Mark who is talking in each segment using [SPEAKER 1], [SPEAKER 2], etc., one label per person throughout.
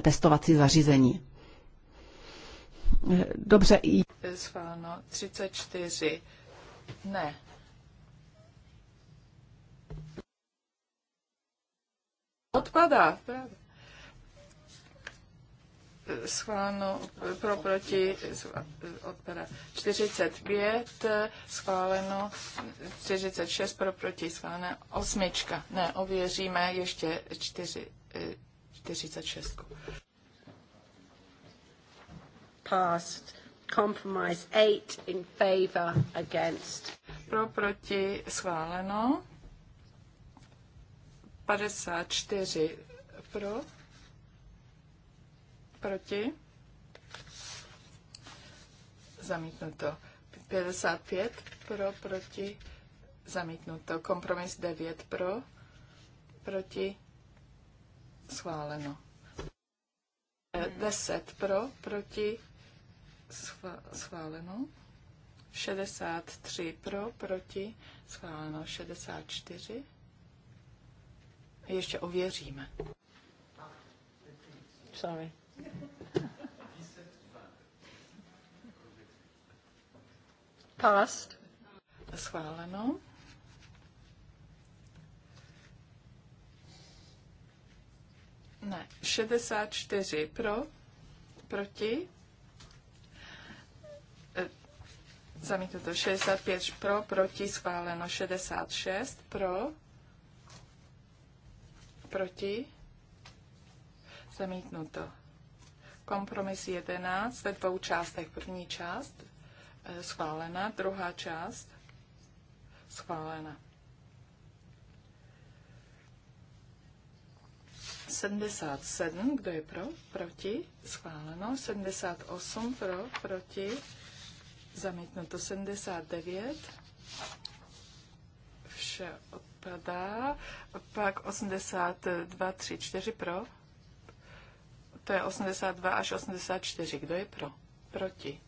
[SPEAKER 1] testovací zařízení. Dobře,
[SPEAKER 2] i... Schváleno 34. Ne. Odpadá, právě. Schváleno pro proti odpada 45, schváleno 46 pro proti schválené osmička. Ne, ověříme ještě 4, 46. Passed. Compromise 8 in favor against. Pro proti schváleno. 54 pro. Proti. Zamítnuto. 55 pro proti. Zamítnuto. Kompromis 9 pro. Proti schváleno. 10 eh, pro, proti, schváleno. 63 pro, proti, schváleno. 64. Ještě ověříme. Sorry. Past. Schváleno. Ne, 64 pro, proti, e, Zamítnu to. 65 pro, proti, schváleno 66 pro, proti, Zamítnu to. Kompromis 11 ve dvou částech. První část e, schválena, druhá část schválena. 77, kdo je pro, proti, schváleno. 78 pro, proti, zamítnuto. 79, vše odpadá. Pak 82, 3, 4 pro. To je 82 až 84. Kdo je pro? Proti.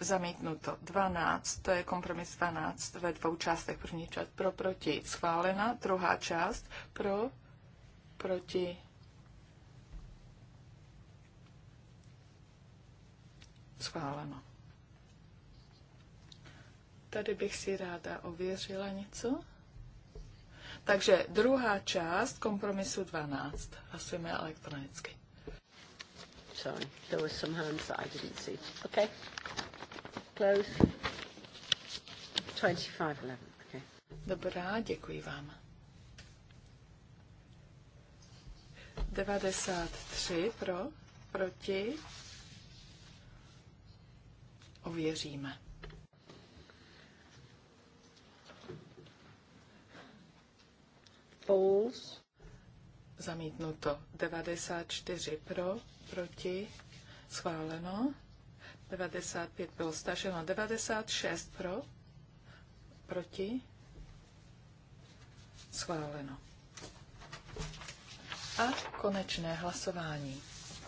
[SPEAKER 2] Zamítnuto. 12, to je kompromis 12 ve dvou částech. První část pro, proti, schválena. Druhá část pro, proti, schváleno. Tady bych si ráda ověřila něco. Takže druhá část kompromisu 12. Hlasujeme elektronicky. Sorry, there were some hands that I didn't see. Okay. Close. 25, 11. Okay. Dobrá, děkuji vám. 93 pro, proti. Ověříme. Falls. Zamítnuto. 94 pro, proti. Schváleno. 95 bylo staženo. 96 pro, proti. Schváleno a konečné hlasování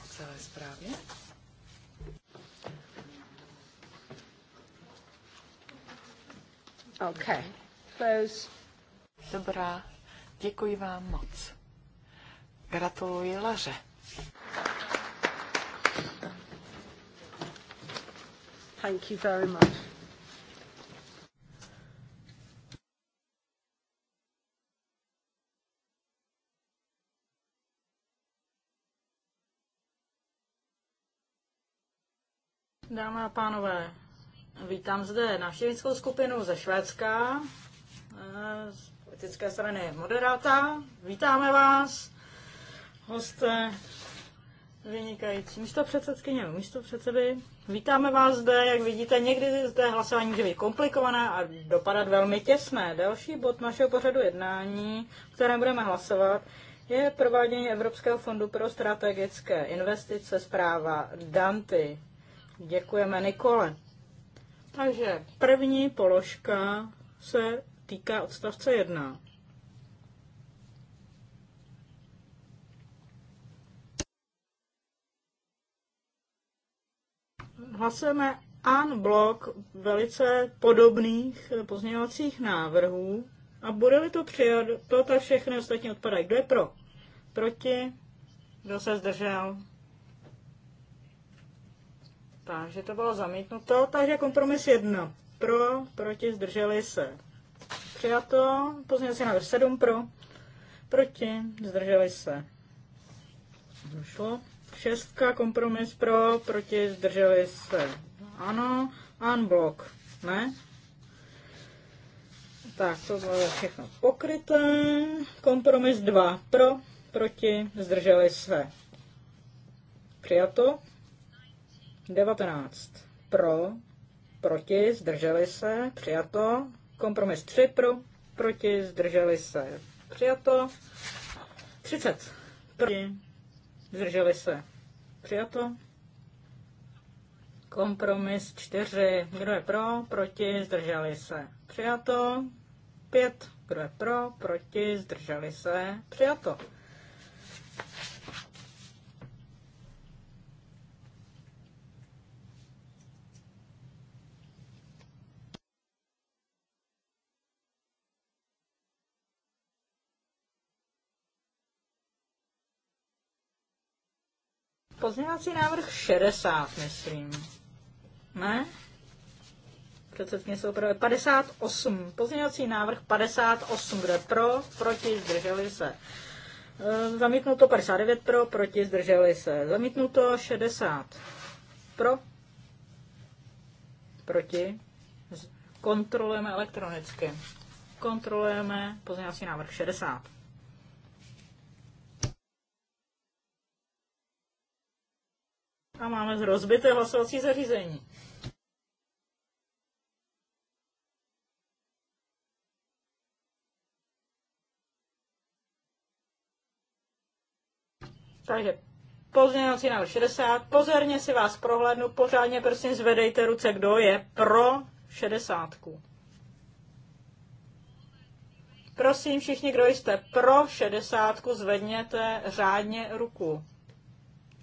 [SPEAKER 2] o celé zprávě. OK. Close. Dobrá. Děkuji vám moc. Gratuluji Laře.
[SPEAKER 1] Thank you very much.
[SPEAKER 3] Dámy a pánové, vítám zde návštěvnickou skupinu ze Švédska, eh, z politické strany Moderáta. Vítáme vás, hosté, vynikající místo předsedkyně, místo předsedy. Vítáme vás zde, jak vidíte, někdy zde hlasování může být komplikované a dopadat velmi těsné. Další bod našeho pořadu jednání, o kterém budeme hlasovat, je provádění Evropského fondu pro strategické investice zpráva Danty. Děkujeme, Nikole. Takže první položka se týká odstavce 1. Hlasujeme an blok velice podobných pozměňovacích návrhů a bude-li to to ta všechny ostatní odpadají. Kdo je pro? Proti? Kdo se zdržel? Takže to bylo zamítnuto. Takže kompromis 1. Pro, proti, zdrželi se. Přijato. si návrh 7 pro, proti, zdrželi se. Došlo. Šestka, kompromis pro, proti, zdrželi se. Ano. Unblock. Ne? Tak, to bylo všechno pokryté. Kompromis 2 pro, proti, zdrželi se. Přijato. 19 pro, proti, zdrželi se, přijato. Kompromis 3 pro, proti, zdrželi se, přijato. 30 proti, zdrželi se, přijato. Kompromis 4, kdo je pro, proti, zdrželi se, přijato. 5, kdo je pro, proti, zdrželi se, přijato. Pozměňovací návrh 60, myslím. Ne? Předsedkyně jsou opravdu 58. Pozměňovací návrh 58, kde e, pro, proti, zdrželi se. Zamítnuto 59 pro, proti, zdrželi se. Zamítnuto 60 pro, proti. Kontrolujeme elektronicky. Kontrolujeme pozměňovací návrh 60. A máme rozbité hlasovací zařízení. Takže pozměňovací návrh 60. Pozorně si vás prohlédnu, pořádně prosím zvedejte ruce, kdo je pro 60. Prosím všichni, kdo jste pro 60, zvedněte řádně ruku.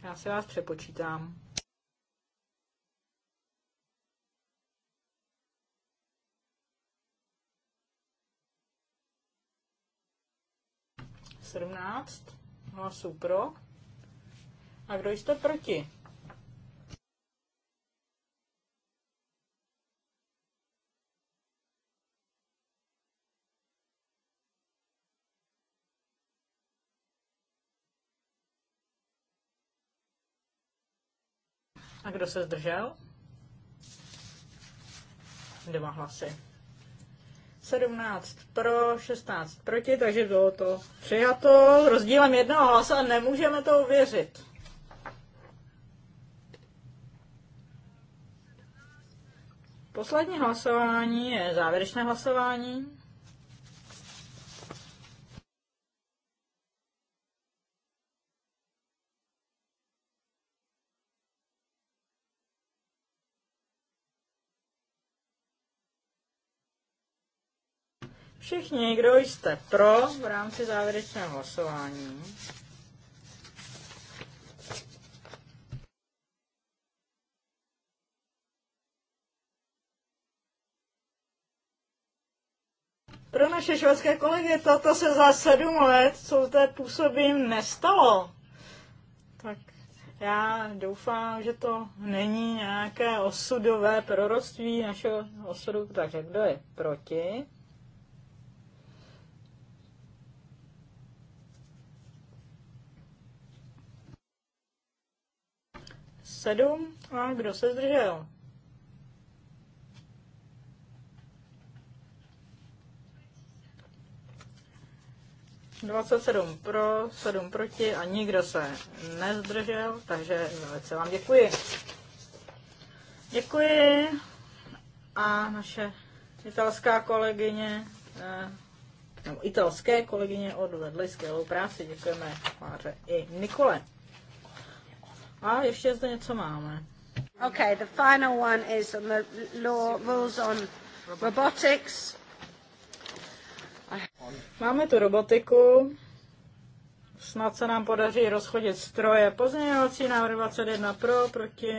[SPEAKER 3] Já se vás přepočítám. Sedmnáct hlasů pro. A kdo jste proti? A kdo se zdržel? Dva hlasy. 17 pro, 16 proti, takže bylo to přijato rozdílem jednoho hlasa. a nemůžeme to uvěřit. Poslední hlasování je závěrečné hlasování. Všichni, kdo jste pro v rámci závěrečného hlasování, pro naše švédské kolegy toto se za sedm let, co to působím, nestalo. Tak já doufám, že to není nějaké osudové proroctví našeho osudu, takže kdo je proti? 7 a kdo se zdržel? Dvacet sedm pro, sedm proti a nikdo se nezdržel, takže velice vám děkuji. Děkuji a naše italská kolegyně eh, nebo italské kolegyně odvedly skvělou práci. Děkujeme Máře i Nikole. A ještě zde něco máme. Okay, the final one is on the law, rules on robotics. Máme tu robotiku. Snad se nám podaří rozchodit stroje. Pozměňovací návrh 21 pro, proti.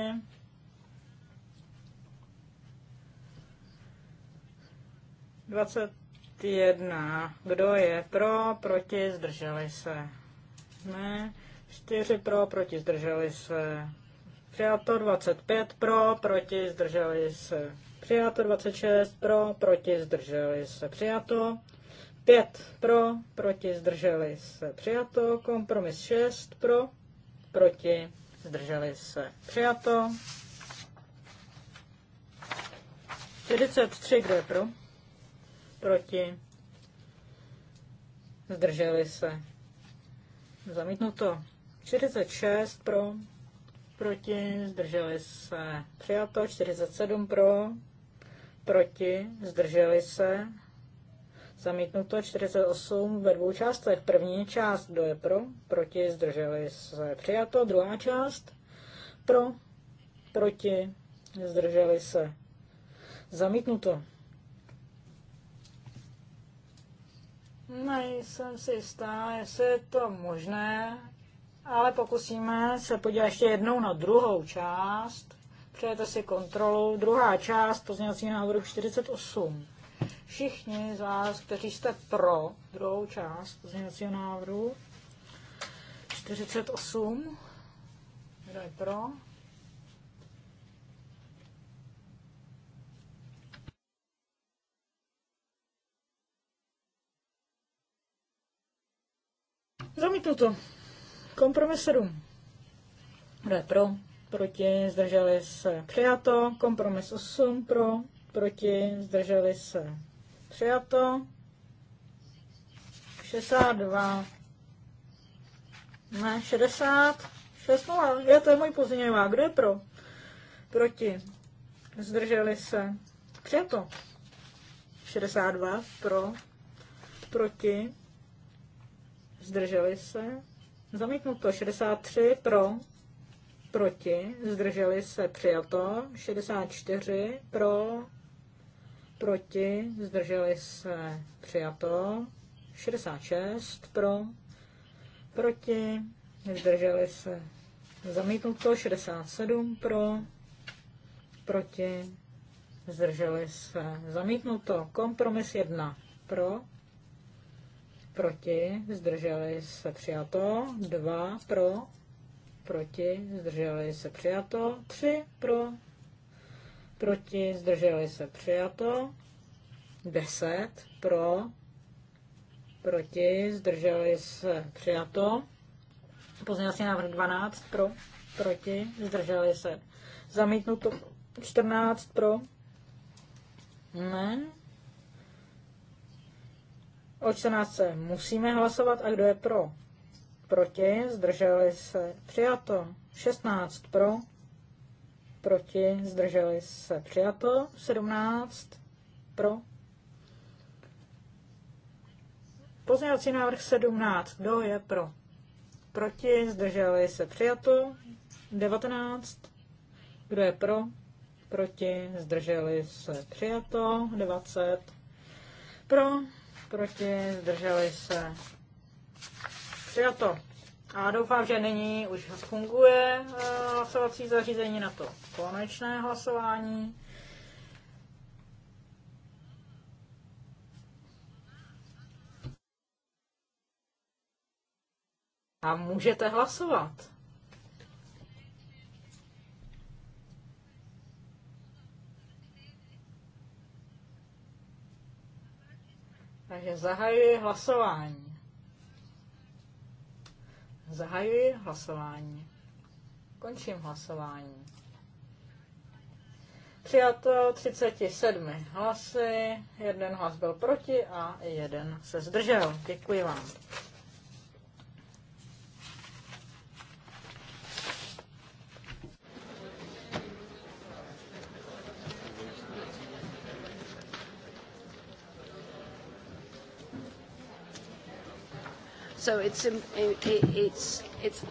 [SPEAKER 3] Dvacet jedna. Kdo je pro, proti, zdrželi se. Ne. 4 pro, proti zdrželi se. Přijato 25 pro, proti zdrželi se. Přijato 26 pro, proti zdrželi se. Přijato 5 pro, proti zdrželi se. Přijato kompromis 6 pro, proti zdrželi se. Přijato 43, kdo je pro? Proti. Zdrželi se. Zamítnuto. 46 pro, proti, zdrželi se přijato, 47 pro, proti, zdrželi se, zamítnuto 48 ve dvou částech. První část, kdo je pro, proti, zdrželi se přijato, druhá část, pro, proti, zdrželi se, zamítnuto. Nejsem si jistá, jestli je to možné, ale pokusíme se podívat ještě jednou na druhou část. Přejete si kontrolu. Druhá část pozněvací návrhu 48. Všichni z vás, kteří jste pro druhou část pozměňovacího návrhu 48, kdo je pro? Zamítnuto. to. Kompromis 7. Kdo je pro? Proti? Zdrželi se? Přijato. Kompromis 8. Pro? Proti? Zdrželi se? Přijato. 62. Ne, 60. 602, to je můj pozměňovák. Kdo je pro? Proti? Zdrželi se? Přijato. 62 pro, proti, zdrželi se, Zamítnuto 63 pro, proti, zdrželi se přijato, 64 pro, proti, zdrželi se přijato, 66 pro, proti, zdrželi se zamítnuto, 67 pro, proti, zdrželi se zamítnuto, kompromis 1 pro, proti, zdrželi se přijato, dva pro, proti, zdrželi se přijato, tři pro, proti, zdrželi se přijato, deset pro, proti, zdrželi se přijato, pozměňovací návrh 12 pro, proti, zdrželi se zamítnuto, 14 pro, ne, O 14 musíme hlasovat a kdo je pro? Proti, zdrželi se, přijato. 16 pro, proti, zdrželi se, přijato. 17 pro. Pozměňovací návrh 17, kdo je pro? Proti, zdrželi se, přijato. 19, kdo je pro? Proti, zdrželi se, přijato. 20 pro proti, zdrželi se. Přijato. A doufám, že nyní už funguje eh, hlasovací zařízení na to konečné hlasování. A můžete hlasovat. Takže zahajuji hlasování. Zahajuji hlasování. Končím hlasování. Přijato 37 hlasy, jeden hlas byl proti a jeden se zdržel. Děkuji vám.
[SPEAKER 1] so it's, um, it's,
[SPEAKER 4] it's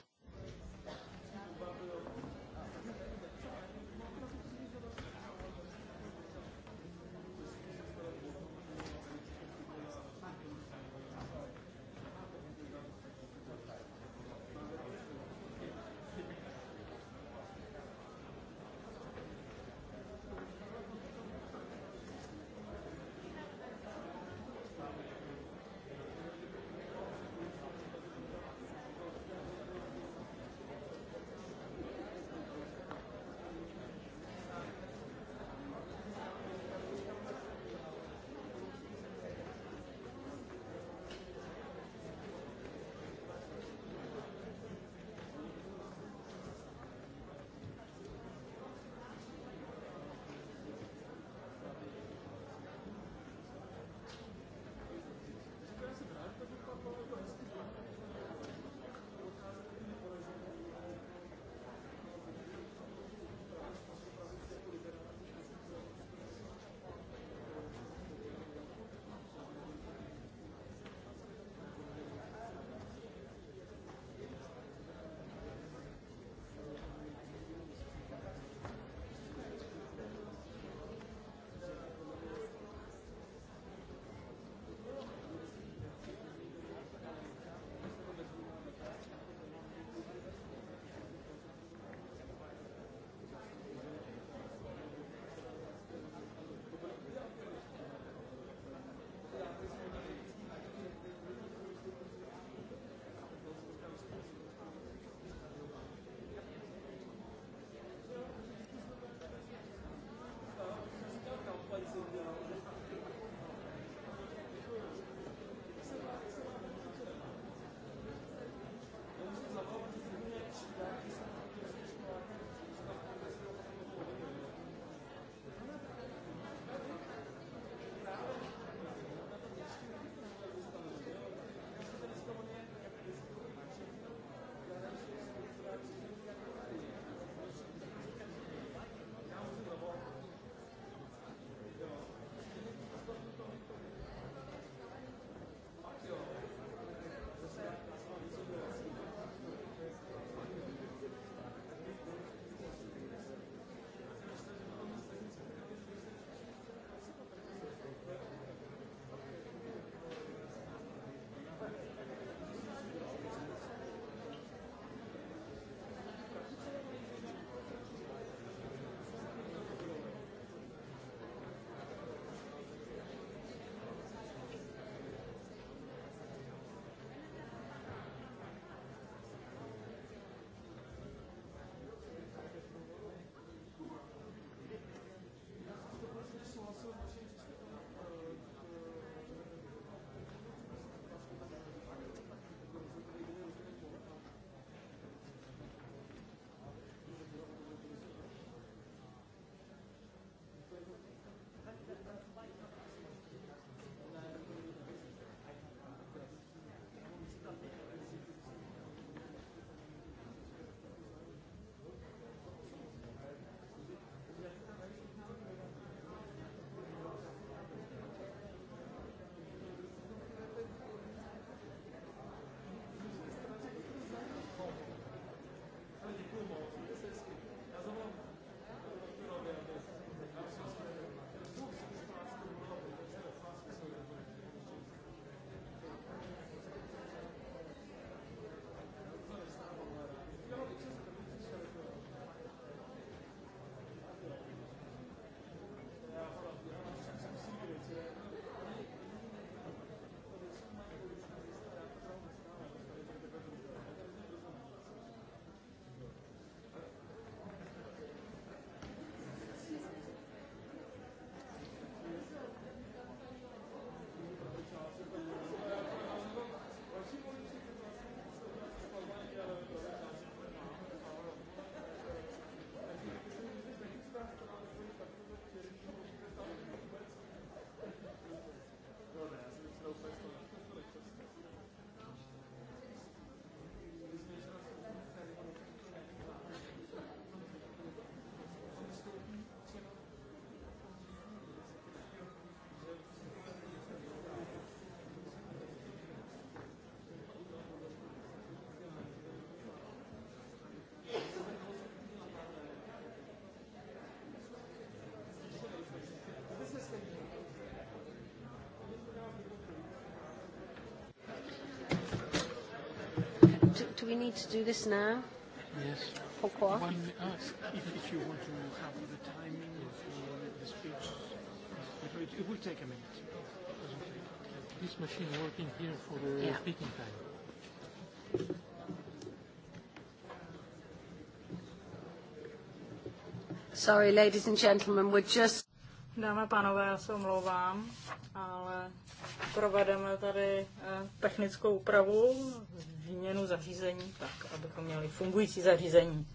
[SPEAKER 4] we need to do this now? Yes. Pourquoi? One, uh, if, if you want to have the timing
[SPEAKER 3] of the speech, it, it will take a minute.
[SPEAKER 2] This machine working here for the yeah. speaking time.
[SPEAKER 4] Sorry, ladies and
[SPEAKER 1] gentlemen, we're just...
[SPEAKER 3] Dámy a pánové, já se omlouvám, ale provedeme tady eh, technickou úpravu výměnu zařízení, tak abychom měli fungující zařízení.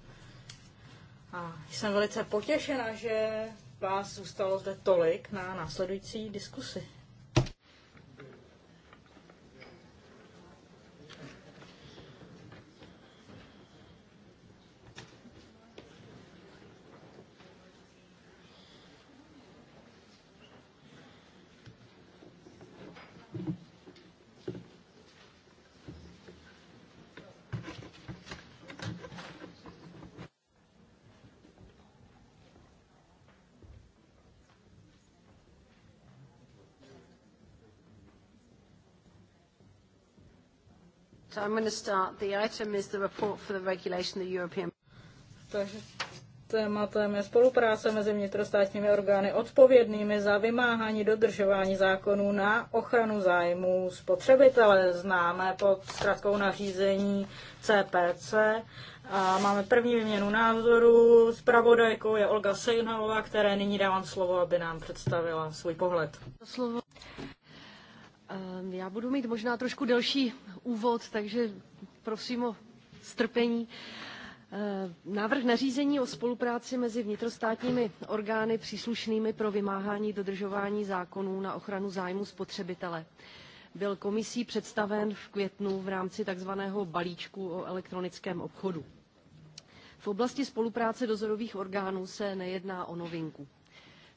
[SPEAKER 3] A jsem velice potěšena, že vás zůstalo zde tolik na následující diskusi. I'm going to start. The item is the report for the regulation of the European... Takže tématem je spolupráce mezi vnitrostátními orgány odpovědnými za vymáhání dodržování zákonů na ochranu zájmů spotřebitele, známé pod zkratkou nařízení CPC. A máme první výměnu názoru. Spravodajkou je Olga Sejnalová, které
[SPEAKER 1] nyní dávám slovo, aby nám představila svůj pohled. Slovo. Ehm, já budu mít možná trošku delší úvod, takže prosím o strpení. Ehm, návrh nařízení o spolupráci mezi vnitrostátními orgány příslušnými pro vymáhání dodržování zákonů na ochranu zájmu spotřebitele byl komisí představen v květnu v rámci tzv. balíčku o elektronickém obchodu. V oblasti spolupráce dozorových orgánů se nejedná o novinku.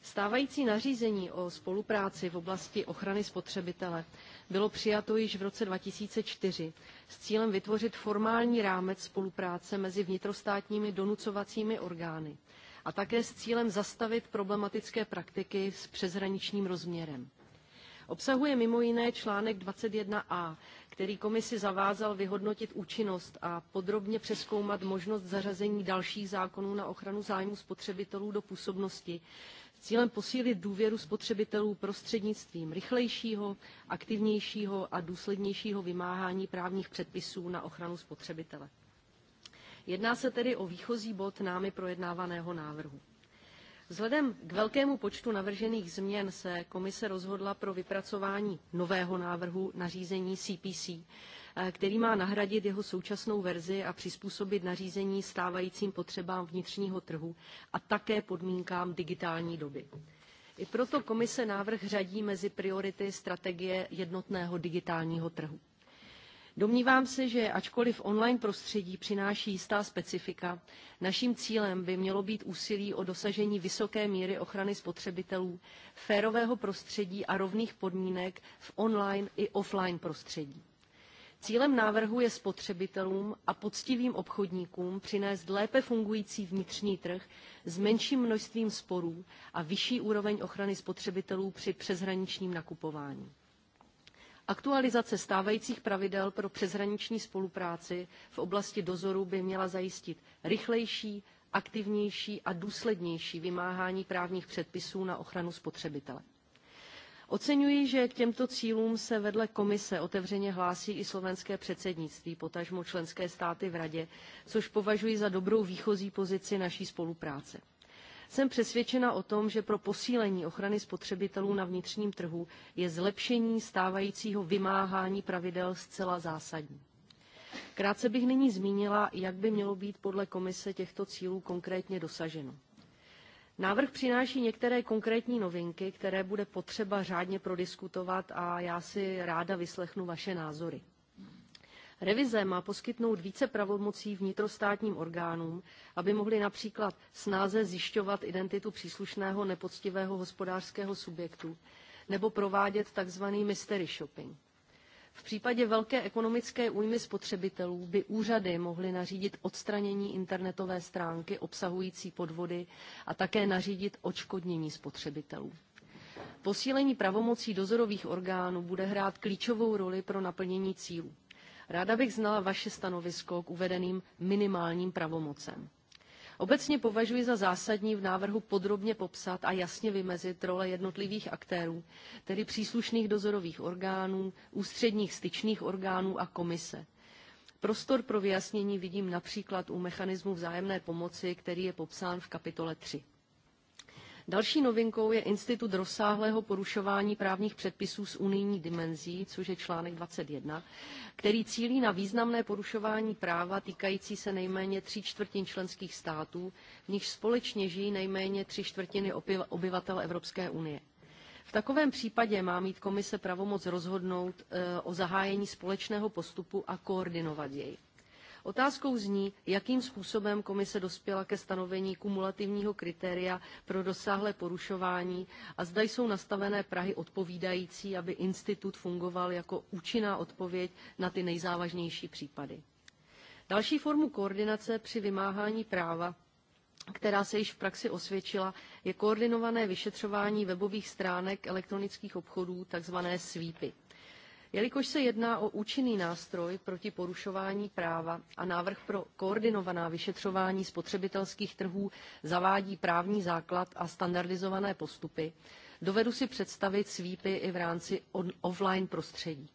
[SPEAKER 1] Stávající nařízení o spolupráci v oblasti ochrany spotřebitele bylo přijato již v roce 2004 s cílem vytvořit formální rámec spolupráce mezi vnitrostátními donucovacími orgány a také s cílem zastavit problematické praktiky s přeshraničním rozměrem. Obsahuje mimo jiné článek 21a, který komisi zavázal vyhodnotit účinnost a podrobně přeskoumat možnost zařazení dalších zákonů na ochranu zájmu spotřebitelů do působnosti s cílem posílit důvěru spotřebitelů prostřednictvím rychlejšího, aktivnějšího a důslednějšího vymáhání právních předpisů na ochranu spotřebitele. Jedná se tedy o výchozí bod námi projednávaného návrhu. Vzhledem k velkému počtu navržených změn se komise rozhodla pro vypracování nového návrhu nařízení CPC, který má nahradit jeho současnou verzi a přizpůsobit nařízení stávajícím potřebám vnitřního trhu a také podmínkám digitální doby. I proto komise návrh řadí mezi priority strategie jednotného digitálního trhu. Domnívám se, že ačkoliv online prostředí přináší jistá specifika, naším cílem by mělo být úsilí o dosažení vysoké míry ochrany spotřebitelů, férového prostředí a rovných podmínek v online i offline prostředí. Cílem návrhu je spotřebitelům a poctivým obchodníkům přinést lépe fungující vnitřní trh s menším množstvím sporů a vyšší úroveň ochrany spotřebitelů při přeshraničním nakupování. Aktualizace stávajících pravidel pro přeshraniční spolupráci v oblasti dozoru by měla zajistit rychlejší, aktivnější a důslednější vymáhání právních předpisů na ochranu spotřebitele. Oceňuji, že k těmto cílům se vedle komise otevřeně hlásí i slovenské předsednictví, potažmo členské státy v radě, což považuji za dobrou výchozí pozici naší spolupráce. Jsem přesvědčena o tom, že pro posílení ochrany spotřebitelů na vnitřním trhu je zlepšení stávajícího vymáhání pravidel zcela zásadní. Krátce bych nyní zmínila, jak by mělo být podle komise těchto cílů konkrétně dosaženo. Návrh přináší některé konkrétní novinky, které bude potřeba řádně prodiskutovat a já si ráda vyslechnu vaše názory. Revize má poskytnout více pravomocí vnitrostátním orgánům, aby mohli například snáze zjišťovat identitu příslušného nepoctivého hospodářského subjektu nebo provádět tzv. mystery shopping. V případě velké ekonomické újmy spotřebitelů by úřady mohly nařídit odstranění internetové stránky obsahující podvody a také nařídit odškodnění spotřebitelů. Posílení pravomocí dozorových orgánů bude hrát klíčovou roli pro naplnění cílů. Ráda bych znala vaše stanovisko k uvedeným minimálním pravomocem. Obecně považuji za zásadní v návrhu podrobně popsat a jasně vymezit role jednotlivých aktérů, tedy příslušných dozorových orgánů, ústředních styčných orgánů a komise. Prostor pro vyjasnění vidím například u mechanismu vzájemné pomoci, který je popsán v kapitole 3. Další novinkou je institut rozsáhlého porušování právních předpisů s unijní dimenzí, což je článek 21, který cílí na významné porušování práva týkající se nejméně tří čtvrtin členských států, v nich společně žijí nejméně tři čtvrtiny obyvatel Evropské unie. V takovém případě má mít komise pravomoc rozhodnout eh, o zahájení společného postupu a koordinovat jej. Otázkou zní, jakým způsobem komise dospěla ke stanovení kumulativního kritéria pro dosáhlé porušování a zda jsou nastavené Prahy odpovídající, aby institut fungoval jako účinná odpověď na ty nejzávažnější případy. Další formu koordinace při vymáhání práva která se již v praxi osvědčila, je koordinované vyšetřování webových stránek elektronických obchodů, tzv. svípy. Jelikož se jedná o účinný nástroj proti porušování práva a návrh pro koordinovaná vyšetřování spotřebitelských trhů zavádí právní základ a standardizované postupy, dovedu si představit svípy i v rámci offline prostředí.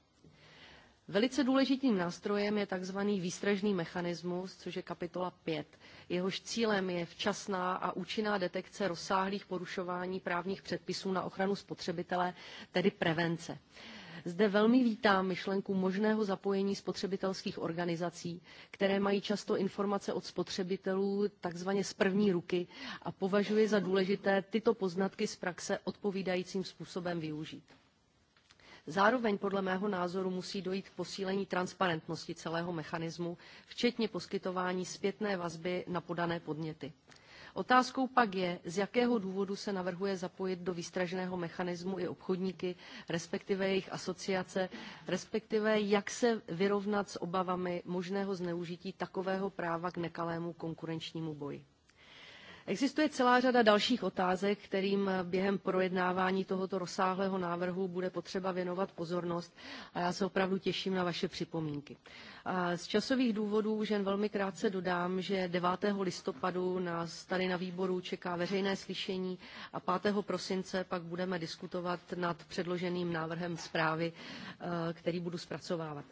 [SPEAKER 1] Velice důležitým nástrojem je tzv. výstražný mechanismus, což je kapitola 5. Jehož cílem je včasná a účinná detekce rozsáhlých porušování právních předpisů na ochranu spotřebitele, tedy prevence. Zde velmi vítám myšlenku možného zapojení spotřebitelských organizací, které mají často informace od spotřebitelů takzvaně z první ruky a považuji za důležité tyto poznatky z praxe odpovídajícím způsobem využít. Zároveň podle mého názoru musí dojít k posílení transparentnosti celého mechanismu, včetně poskytování zpětné vazby na podané podněty. Otázkou pak je, z jakého důvodu se navrhuje zapojit do výstražného mechanismu i obchodníky, respektive jejich asociace, respektive jak se vyrovnat s obavami možného zneužití takového práva k nekalému konkurenčnímu boji. Existuje celá řada dalších otázek, kterým během projednávání tohoto rozsáhlého návrhu bude potřeba věnovat pozornost a já se opravdu těším na vaše připomínky. Z časových důvodů už jen velmi krátce dodám, že 9. listopadu nás tady na výboru čeká veřejné slyšení a 5. prosince pak budeme diskutovat nad předloženým návrhem zprávy, eh, který budu zpracovávat.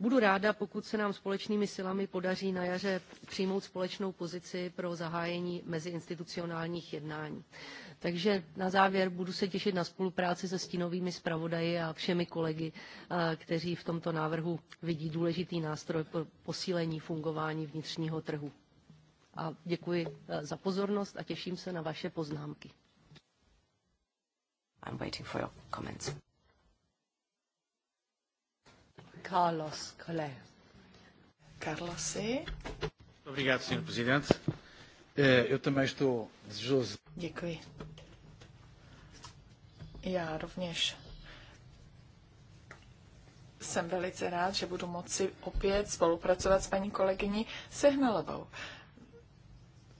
[SPEAKER 1] Budu ráda, pokud se nám společnými silami podaří na jaře přijmout společnou pozici pro zahájení meziinstitucionálních jednání. Takže na závěr budu se těšit na spolupráci se stínovými zpravodaji a všemi kolegy, kteří v tomto návrhu vidí důležitý nástroj pro posílení fungování vnitřního trhu. A děkuji e, za pozornost a těším se na vaše poznámky. I'm waiting for your comments. Carlos Collet. Carlosi.
[SPEAKER 2] Obrigado, Sr. Presidente. Eh, eu também estou desejoso. Děkuji. Já rovněž jsem velice rád, že budu moci opět spolupracovat s paní kolegyní Sehnalovou.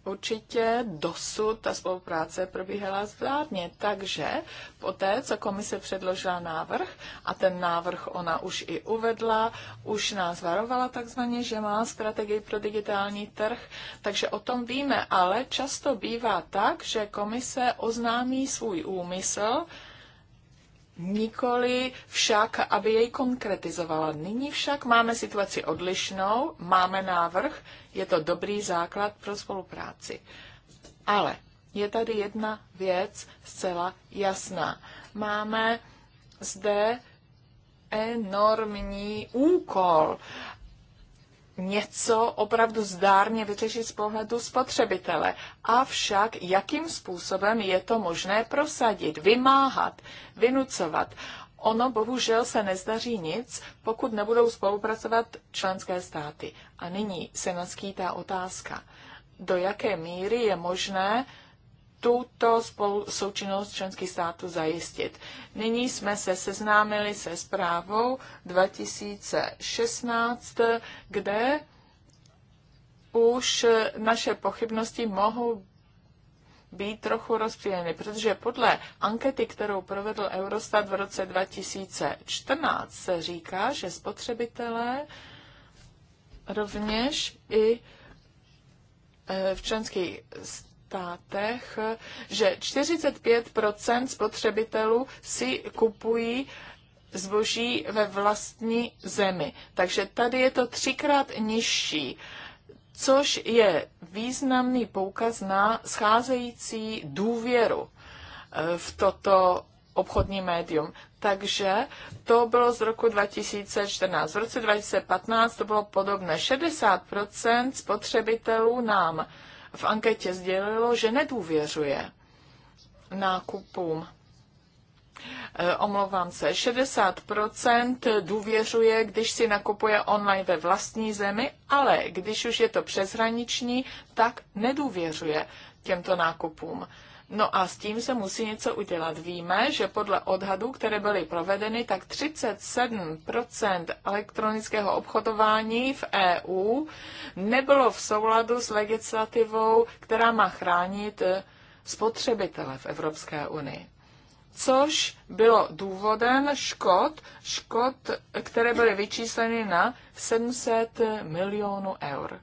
[SPEAKER 2] Určitě dosud ta spolupráce probíhala zvládně, takže poté, co komise předložila návrh a ten návrh ona už i uvedla, už nás varovala takzvaně, že má strategii pro digitální trh, takže o tom víme, ale často bývá tak, že komise oznámí svůj úmysl, nikoli však, aby jej konkretizovala. Nyní však máme situaci odlišnou, máme návrh, je to dobrý základ pro spolupráci. Ale je tady jedna věc zcela jasná. Máme zde enormní úkol něco opravdu zdárně vyřešit z pohledu spotřebitele. Avšak jakým způsobem je to možné prosadit, vymáhat, vynucovat? Ono bohužel se nezdaří nic, pokud nebudou spolupracovat členské státy. A nyní se naskýtá otázka, do jaké míry je možné tuto spolu součinnost členských států zajistit. Nyní jsme se seznámili se zprávou 2016, kde už naše pochybnosti mohou být trochu rozpříjeny, protože podle ankety, kterou provedl Eurostat v roce 2014, se říká, že spotřebitelé rovněž i eh, v členských státech, že 45 spotřebitelů si kupují zboží ve vlastní zemi. Takže tady je to třikrát nižší, což je významný poukaz na scházející důvěru eh, v toto obchodní médium. Takže to bylo z roku 2014. V roce 2015 to bylo podobné. 60% spotřebitelů nám v anketě sdělilo, že nedůvěřuje nákupům. E, omlouvám se, 60% důvěřuje, když si nakupuje online ve vlastní zemi, ale když už je to přeshraniční, tak nedůvěřuje těmto nákupům. No a s tím se musí něco udělat. Víme, že podle odhadů, které byly provedeny, tak 37 elektronického obchodování v EU nebylo v souladu s legislativou, která má chránit eh, spotřebitele v Evropské unii což bylo důvodem škod, škod, které byly vyčísleny na 700 milionů eur.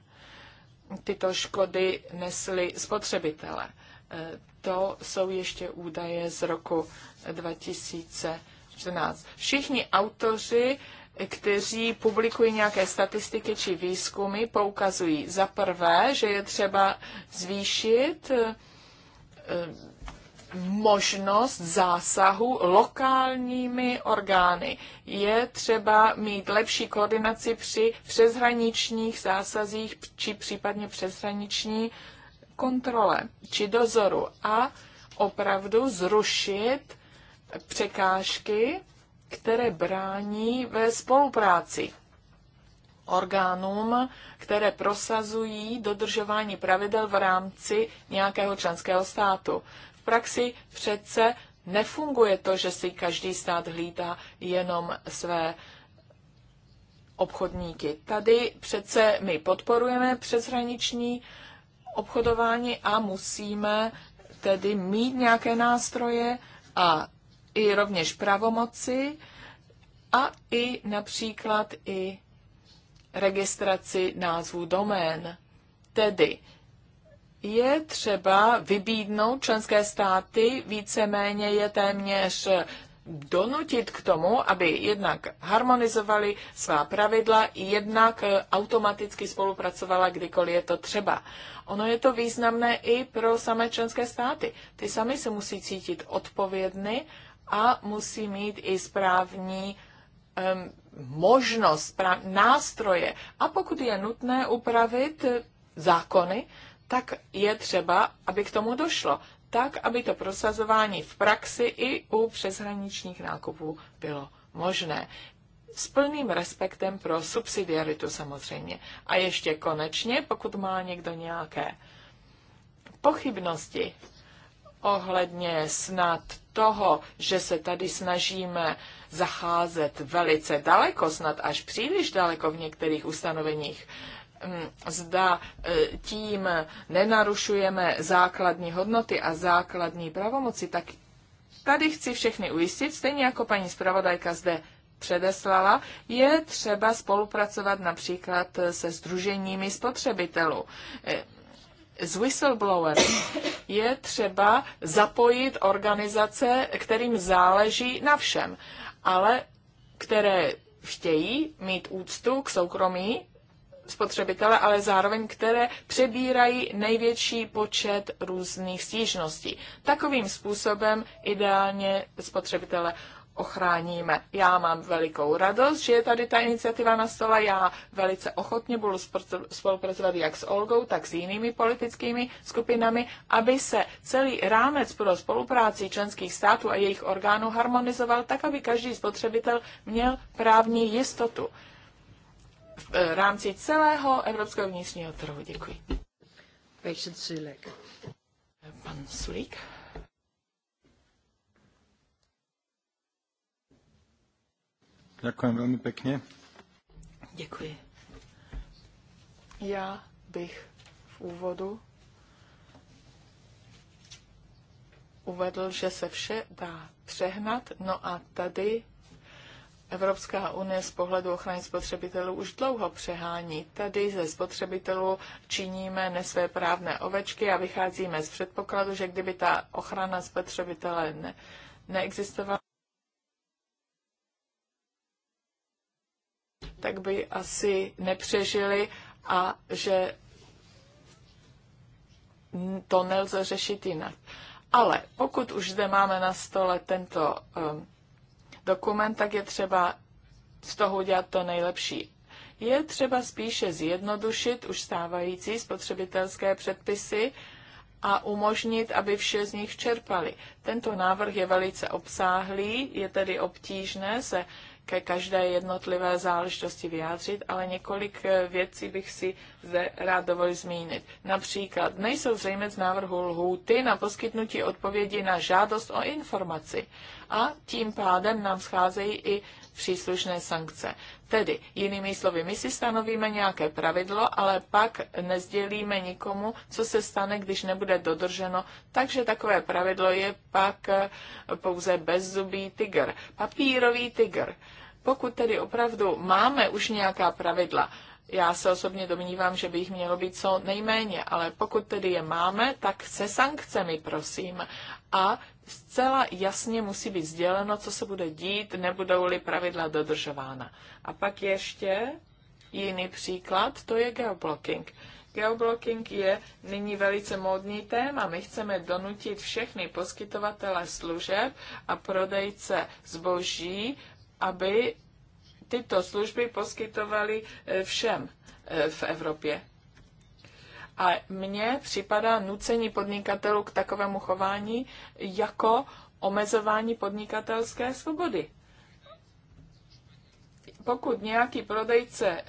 [SPEAKER 2] Tyto škody nesly spotřebitele. Eh, to jsou ještě údaje z roku 2014. Všichni autoři, kteří publikují nějaké statistiky či výzkumy, poukazují za prvé, že je třeba zvýšit eh, možnost zásahu lokálními orgány. Je třeba mít lepší koordinaci při přeshraničních zásazích či případně přeshraniční kontrole či dozoru a opravdu zrušit překážky, které brání ve spolupráci orgánům, které prosazují dodržování pravidel v rámci nějakého členského státu. V praxi přece nefunguje to, že si každý stát hlídá jenom své obchodníky. Tady přece my podporujeme přeshraniční obchodování a musíme tedy mít nějaké nástroje a i rovněž pravomoci a i například i registraci názvu domén. Tedy je třeba vybídnout členské státy, víceméně je téměř donutit k tomu, aby jednak harmonizovali svá pravidla, jednak eh, automaticky spolupracovala, kdykoliv je to třeba. Ono je to významné i pro samé členské státy. Ty sami se musí cítit odpovědny a musí mít i správní um, možnost, správ, nástroje. A pokud je nutné upravit eh, zákony, tak je třeba, aby k tomu došlo tak, aby to prosazování v praxi i u přeshraničních nákupů bylo možné. S plným respektem pro subsidiaritu samozřejmě. A ještě konečně, pokud má někdo nějaké pochybnosti ohledně snad toho, že se tady snažíme zacházet velice daleko, snad až příliš daleko v některých ustanoveních, Hm, zda e, tím nenarušujeme základní hodnoty a základní pravomoci, tak tady chci všechny ujistit, stejně jako paní zpravodajka zde předeslala, je třeba spolupracovat například se združeními spotřebitelů. E, z whistleblower je třeba zapojit organizace, kterým záleží na všem, ale které chtějí mít úctu k soukromí spotřebitele, ale zároveň které přebírají největší počet různých stížností. Takovým způsobem ideálně spotřebitele ochráníme. Já mám velikou radost, že je tady ta iniciativa na stole. Já velice ochotně budu spolupracovat jak s Olgou, tak s jinými politickými skupinami, aby se celý rámec pro spolupráci členských států a jejich orgánů harmonizoval tak, aby každý spotřebitel měl právní jistotu v eh, rámci celého evropského vnitřního trhu. Děkuji. Patient Sulek. Pan Sulík. Děkuji
[SPEAKER 1] velmi pěkně.
[SPEAKER 2] Děkuji. Já bych v úvodu uvedl, že se vše dá přehnat, no a tady Evropská unie z pohledu ochrany spotřebitelů už dlouho přehání. Tady ze spotřebitelů činíme nesvéprávné ovečky a vycházíme z předpokladu, že kdyby ta ochrana spotřebitele ne, neexistovala, tak by asi nepřežili a že to nelze řešit jinak. Ale pokud už zde máme na stole tento um, dokument, tak je třeba z toho udělat to nejlepší. Je třeba spíše zjednodušit už stávající spotřebitelské předpisy a umožnit, aby vše z nich čerpali. Tento návrh je velice obsáhlý, je tedy obtížné se ke každé jednotlivé záležitosti vyjádřit, ale několik eh, věcí bych si zde rád dovolil zmínit. Například nejsou zřejmé z návrhu lhůty na poskytnutí odpovědi na žádost o informaci a tím pádem nám scházejí i příslušné sankce. Tedy, jinými slovy, my si stanovíme nějaké pravidlo, ale pak nezdělíme nikomu, co se stane, když nebude dodrženo, takže takové pravidlo je pak eh, pouze bezzubý tygr, papírový tygr. Pokud tedy opravdu máme už nějaká pravidla, já se osobně domnívám, že by jich mělo být co nejméně, ale pokud tedy je máme, tak se sankcemi, prosím a zcela jasně musí být sděleno, co se bude dít, nebudou-li pravidla dodržována. A pak ještě jiný příklad, to je geoblocking. Geoblocking je nyní velice módní téma. My chceme donutit všechny poskytovatele služeb a prodejce zboží, aby tyto služby poskytovaly eh, všem eh, v Evropě. A mně připadá nucení podnikatelů k takovému chování jako omezování podnikatelské svobody. Pokud nějaký prodejce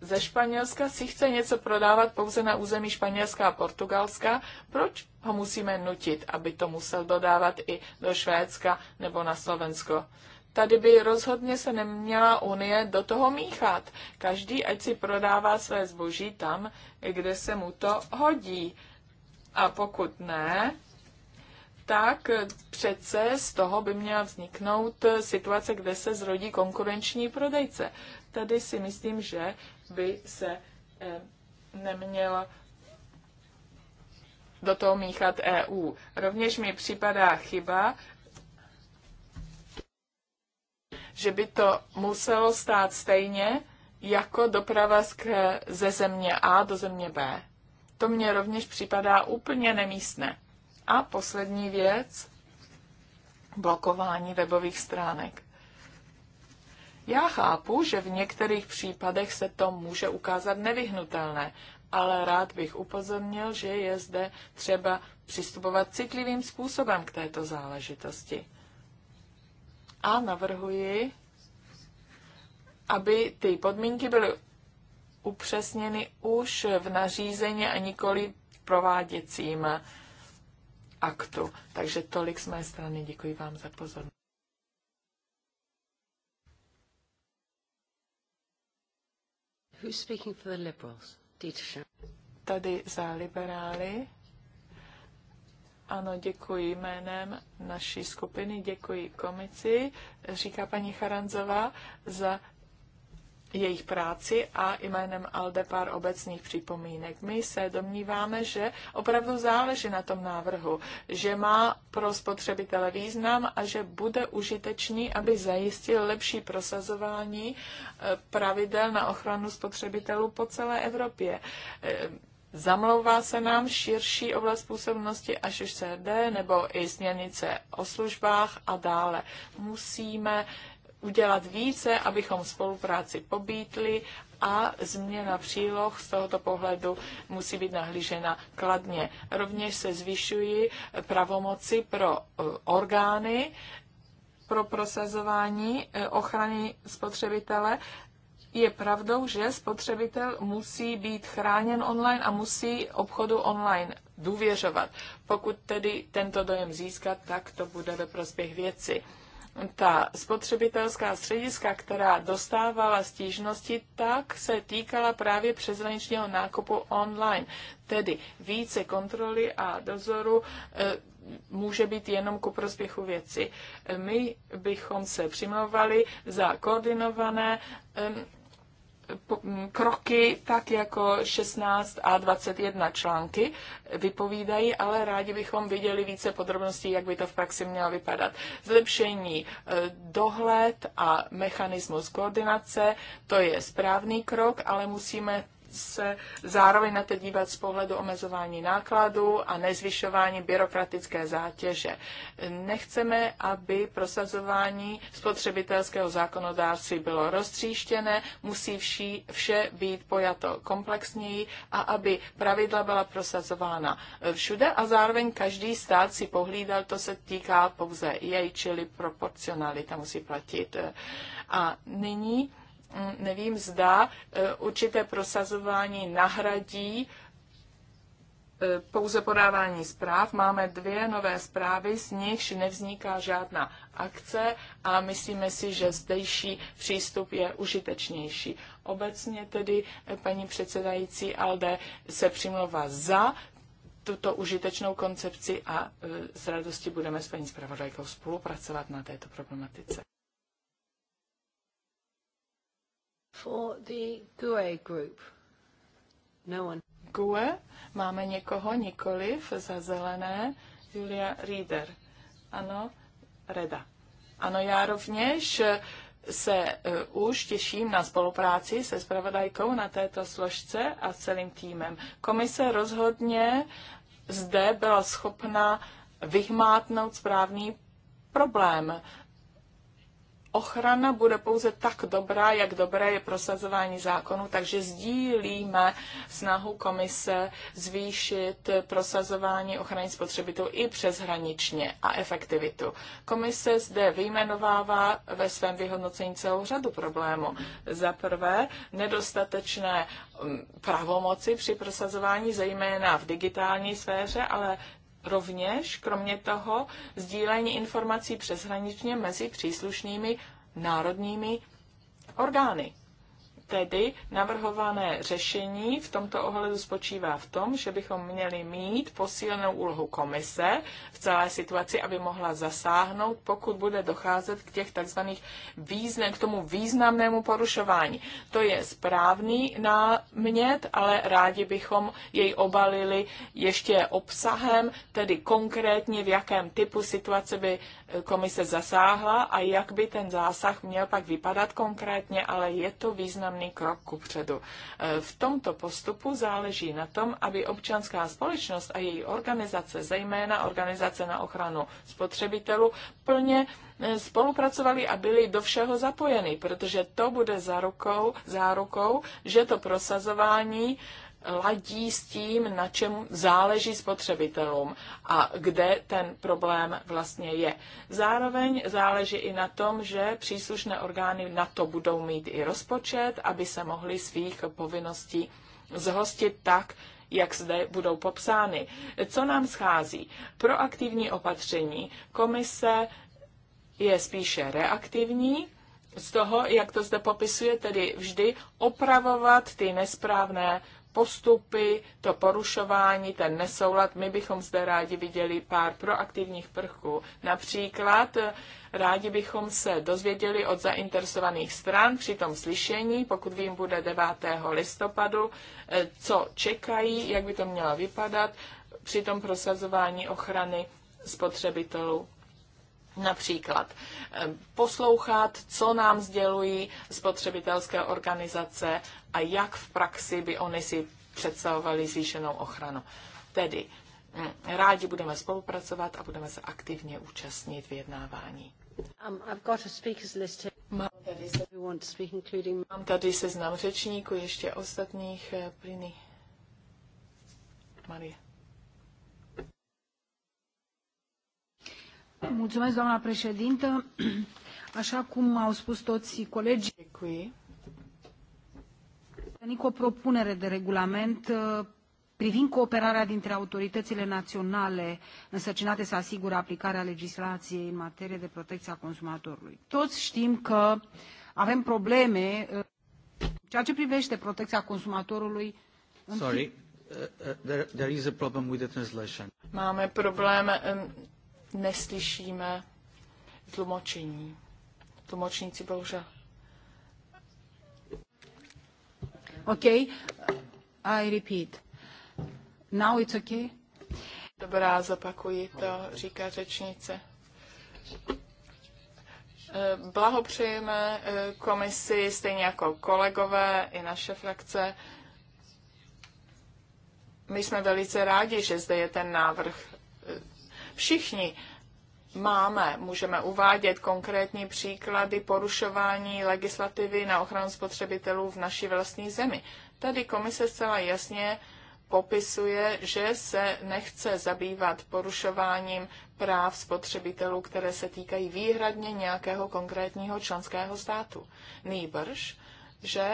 [SPEAKER 2] ze Španělska si chce něco prodávat pouze na území Španělska a Portugalska, proč ho musíme nutit, aby to musel dodávat i do Švédska nebo na Slovensko? Tady by rozhodně se neměla Unie do toho míchat. Každý, ať si prodává své zboží tam, kde se mu to hodí. A pokud ne, tak přece z toho by měla vzniknout situace, kde se zrodí konkurenční prodejce. Tady si myslím, že by se eh, neměla do toho míchat EU. Rovněž mi připadá chyba, že by to muselo stát stejně jako doprava ze země A do země B. To mně rovněž připadá úplně nemístné. A poslední věc, blokování webových stránek. Já chápu, že v některých případech se to může ukázat nevyhnutelné, ale rád bych upozornil, že je zde třeba přistupovat citlivým způsobem k této záležitosti a navrhuji, aby ty podmínky byly upřesněny už v nařízení a nikoli v prováděcím aktu. Takže tolik z mé strany. Děkuji vám za pozornost. Who's speaking for the liberals? Tady za liberály ano, děkuji jménem naší skupiny, děkuji komici, říká paní Charanzová, za jejich práci a jménem ALDE pár obecných připomínek. My se domníváme, že opravdu záleží na tom návrhu, že má pro spotřebitele význam a že bude užitečný, aby zajistil lepší prosazování eh, pravidel na ochranu spotřebitelů po celé Evropě eh, Zamlouvá se nám širší oblast působnosti až už CRD nebo i směrnice o službách a dále. Musíme udělat více, abychom spolupráci pobítli a změna příloh z tohoto pohledu musí být nahlížena kladně. Rovněž se zvyšují pravomoci pro e, orgány pro prosazování e, ochrany spotřebitele je pravdou, že spotřebitel musí být chráněn online a musí obchodu online důvěřovat. Pokud tedy tento dojem získat, tak to bude ve prospěch věci. Ta spotřebitelská střediska, která dostávala stížnosti, tak se týkala právě přeshraničního nákupu online. Tedy více kontroly a dozoru eh, může být jenom ku prospěchu věci. My bychom se přimlouvali za koordinované kroky, tak jako 16 a 21 články vypovídají, ale rádi bychom viděli více podrobností, jak by to v praxi mělo vypadat. Zlepšení e, dohled a mechanismus koordinace, to je správný krok, ale musíme se zároveň na to dívat z pohledu omezování nákladů a nezvyšování byrokratické zátěže. Nechceme, aby prosazování spotřebitelského zákonodárství bylo roztříštěné, musí vší, vše být pojato komplexněji a aby pravidla byla prosazována všude a zároveň každý stát si pohlídal, to se týká pouze jej, čili proporcionalita musí platit. A nyní nevím, zda eh, určité prosazování nahradí eh, pouze podávání zpráv. Máme dvě nové zprávy, z nichž nevzniká žádná akce a myslíme si, že zdejší přístup je užitečnější. Obecně tedy eh, paní předsedající Alde se přimlouvá za tuto užitečnou koncepci a s radostí budeme s paní zpravodajkou spolupracovat na této problematice. For the GUE group. No one. GUE? Máme někoho nikoliv za zelené. Julia Reader. Ano, Reda. Ano, já rovněž eh, se uh, už těším na spolupráci se spravodajkou na této složce a celým týmem. Komise rozhodně zde byla schopna vyhmátnout správný problém ochrana bude pouze tak dobrá, jak dobré je prosazování zákonu, takže sdílíme snahu komise zvýšit prosazování ochrany spotřebitelů i přeshraničně a efektivitu. Komise zde vyjmenovává ve svém vyhodnocení celou řadu problémů. Za prvé, nedostatečné mm, pravomoci při prosazování, zejména v digitální sféře, ale rovněž, kromě toho, sdílení informací přeshraničně mezi příslušnými národními orgány. Tedy navrhované řešení v tomto ohledu spočívá v tom, že bychom měli mít posílenou úlohu komise v celé situaci, aby mohla zasáhnout, pokud bude docházet k těch takzvaných význam, k tomu významnému porušování. To je správný námět, ale rádi bychom jej obalili ještě obsahem, tedy konkrétně v jakém typu situace by komise zasáhla a jak by ten zásah měl pak vypadat konkrétně, ale je to významný krok ku předu. E, v tomto postupu záleží na tom, aby občanská společnost a její organizace, zejména organizace na ochranu spotřebitelů, plně e, spolupracovali a byli do všeho zapojeni, protože to bude zárukou, zárukou že to prosazování ladí s tím, na čem záleží spotřebitelům a kde ten problém vlastně je. Zároveň záleží i na tom, že příslušné orgány na to budou mít i rozpočet, aby se mohly svých povinností zhostit tak, jak zde budou popsány. Co nám schází? Proaktivní opatření. Komise je spíše reaktivní, z toho, jak to zde popisuje, tedy vždy opravovat ty nesprávné postupy, to porušování, ten nesoulad. My bychom zde rádi viděli pár proaktivních prvků. Například eh, rádi bychom se dozvěděli od zainteresovaných stran při tom slyšení, pokud vím, bude 9. listopadu, eh, co čekají, jak by to mělo vypadat při tom prosazování ochrany spotřebitelů Například eh, poslouchat, co nám sdělují spotřebitelské organizace a jak v praxi by oni si představovali zvýšenou ochranu. Tedy mm, rádi budeme spolupracovat a budeme se aktivně účastnit vyjednávání. Um, I've got a speakers list Mám tady, se, including... mám tady seznam řečníků, ještě ostatních. Eh, Pliny. Marie.
[SPEAKER 1] Mulțumesc, doamna președintă. Așa cum au spus toți colegii, Děkuji. venit cu o propunere de regulament uh, privind cooperarea dintre autoritățile naționale însărcinate să asigure aplicarea legislației în materie de protecție a consumatorului. Toți știm că avem probleme uh,
[SPEAKER 2] în ceea ce privește protecția consumatorului. Sorry,
[SPEAKER 4] uh, uh, there, there is a problem with the translation.
[SPEAKER 2] Máme problém um, neslyšíme tlumočení. Tlumočníci bohužel. OK, I repeat. Now it's okay. Dobrá, zapakuji to, říká řečnice. Eh, blahopřejeme eh, komisi, stejně jako kolegové i naše frakce. My jsme velice rádi, že zde je ten návrh Všichni máme, můžeme uvádět konkrétní příklady porušování legislativy na ochranu spotřebitelů v naší vlastní zemi. Tady komise zcela jasně popisuje, že se nechce zabývat porušováním práv spotřebitelů, které se týkají výhradně nějakého konkrétního členského státu. Nýbrž, že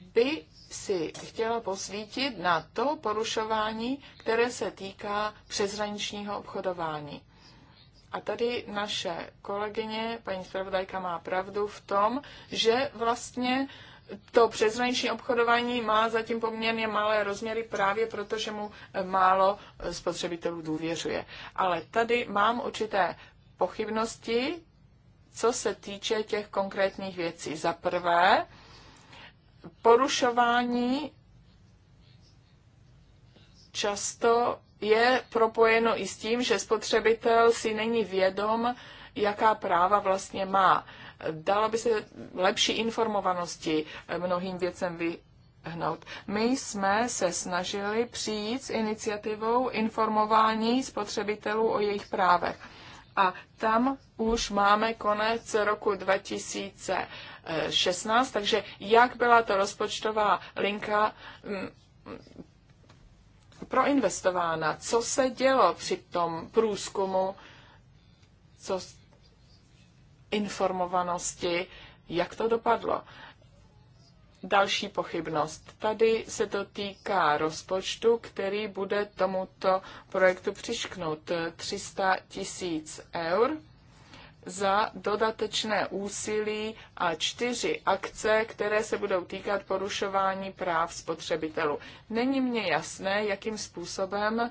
[SPEAKER 2] by si chtěla posvítit na to porušování, které se týká přeshraničního obchodování. A tady naše kolegyně, paní zpravodajka, má pravdu v tom, že vlastně to přeshraniční obchodování má zatím poměrně malé rozměry právě proto, že mu málo spotřebitelů důvěřuje. Ale tady mám určité pochybnosti, co se týče těch konkrétních věcí. Za prvé, porušování často je propojeno i s tím, že spotřebitel si není vědom, jaká práva vlastně má. Dalo by se lepší informovanosti mnohým věcem vyhnout. My jsme se snažili přijít s iniciativou informování spotřebitelů o jejich právech. A tam už máme konec roku 2000 16, takže jak byla ta rozpočtová linka mm, mm, proinvestována? Co se dělo při tom průzkumu? Co informovanosti? Jak to dopadlo? Další pochybnost. Tady se to týká rozpočtu, který bude tomuto projektu přišknout 300 tisíc eur za dodatečné úsilí a čtyři akce, které se budou týkat porušování práv spotřebitelů. Není mně jasné, jakým způsobem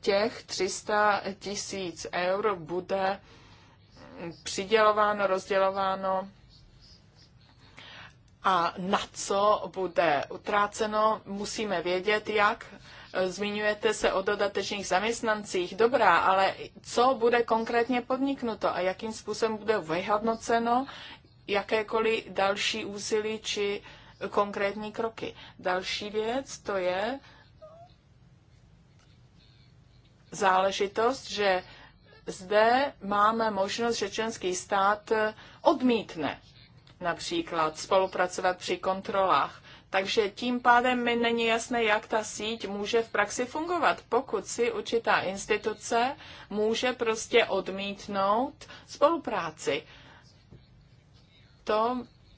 [SPEAKER 2] těch 300 tisíc eur bude přidělováno, rozdělováno a na co bude utráceno, musíme vědět, jak Eh, zmiňujete se o dodatečných zaměstnancích, dobrá, ale co bude konkrétně podniknuto a jakým způsobem bude vyhodnoceno jakékoliv další úsilí či konkrétní kroky. Další věc to je záležitost, že zde máme možnost, že členský stát odmítne například spolupracovat při kontrolách. Takže tím pádem mi není jasné, jak ta síť může v praxi fungovat, pokud si určitá instituce může prostě odmítnout spolupráci. To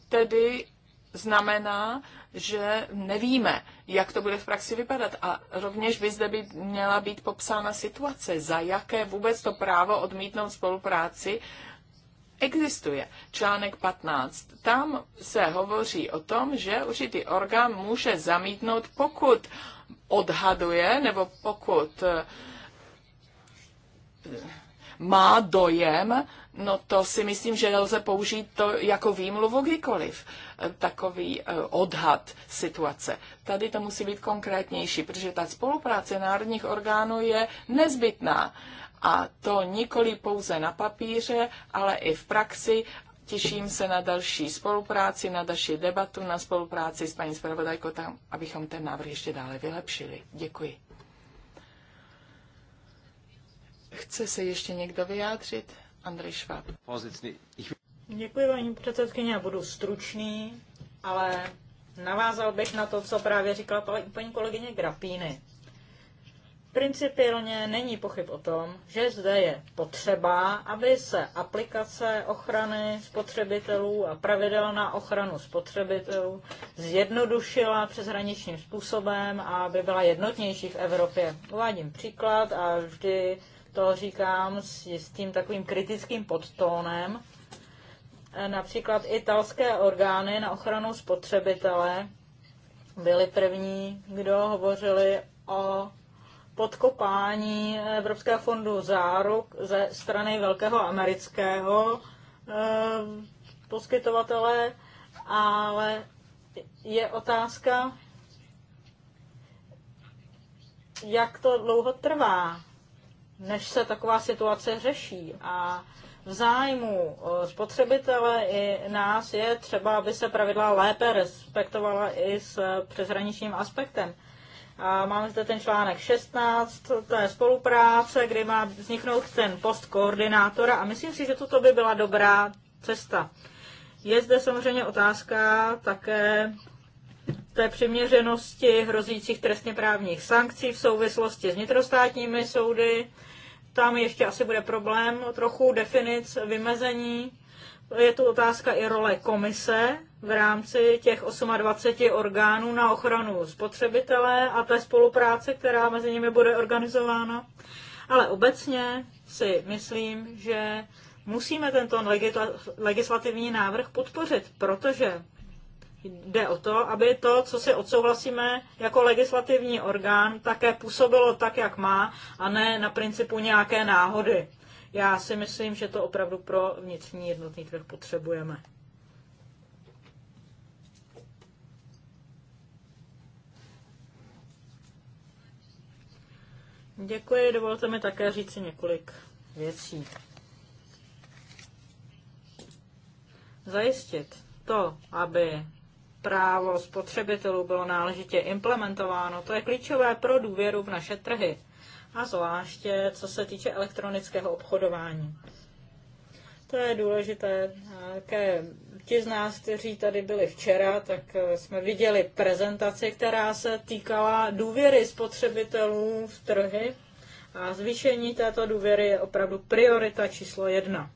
[SPEAKER 2] tedy znamená, že nevíme, jak to bude v praxi vypadat. A rovněž by zde by měla být popsána situace, za jaké vůbec to právo odmítnout spolupráci existuje článek 15. Tam se hovoří o tom, že určitý orgán může zamítnout, pokud odhaduje nebo pokud eh, má dojem, no to si myslím, že lze použít to jako výmluvu kdykoliv, eh, takový eh, odhad situace. Tady to musí být konkrétnější, protože ta spolupráce národních orgánů je nezbytná a to nikoli pouze na papíře, ale i v praxi. Těším se na další spolupráci, na další debatu, na spolupráci s paní zpravodajkou, tam, abychom ten návrh ještě dále vylepšili. Děkuji. Chce se ještě někdo vyjádřit? Andrej Šváb. Děkuji, paní předsedkyně, já budu stručný,
[SPEAKER 3] ale navázal bych na to, co právě říkala paní kolegyně Grapíny. Principiálně není pochyb o tom, že zde je potřeba, aby se aplikace ochrany spotřebitelů a pravidel na ochranu spotřebitelů zjednodušila přeshraničním způsobem a aby byla jednotnější v Evropě. Uvádím příklad a vždy to říkám s tím takovým kritickým podtónem. Například italské orgány na ochranu spotřebitele byly první, kdo hovořili o podkopání Evropského fondu záruk ze strany velkého amerického eh, poskytovatele, ale je otázka, jak to dlouho trvá, než se taková situace řeší. A v zájmu eh, spotřebitele i nás je třeba, aby se pravidla lépe respektovala i s přeshraničním aspektem. A máme zde ten článek 16, to je spolupráce, kde má vzniknout ten post koordinátora a myslím si, že toto by byla dobrá cesta. Je zde samozřejmě otázka také té přiměřenosti hrozících trestně právních sankcí v souvislosti s vnitrostátními soudy. Tam ještě asi bude problém trochu definic vymezení je tu otázka i role komise v rámci těch 28 orgánů na ochranu spotřebitele a té spolupráce, která mezi nimi bude organizována. Ale obecně si myslím, že musíme tento legislativní návrh podpořit, protože jde o to, aby to, co si odsouhlasíme jako legislativní orgán, také působilo tak, jak má, a ne na principu nějaké náhody. Já si myslím, že to opravdu pro vnitřní jednotný trh potřebujeme. Děkuji, dovolte mi také říci několik věcí. Zajistit to, aby právo spotřebitelů bylo náležitě implementováno, to je klíčové pro důvěru v naše trhy a zvláště co se týče elektronického obchodování. To je důležité. Ke ti z nás, kteří tady byli včera, tak eh, jsme viděli prezentaci, která se týkala důvěry spotřebitelů v trhy a zvýšení této důvěry je opravdu priorita číslo jedna.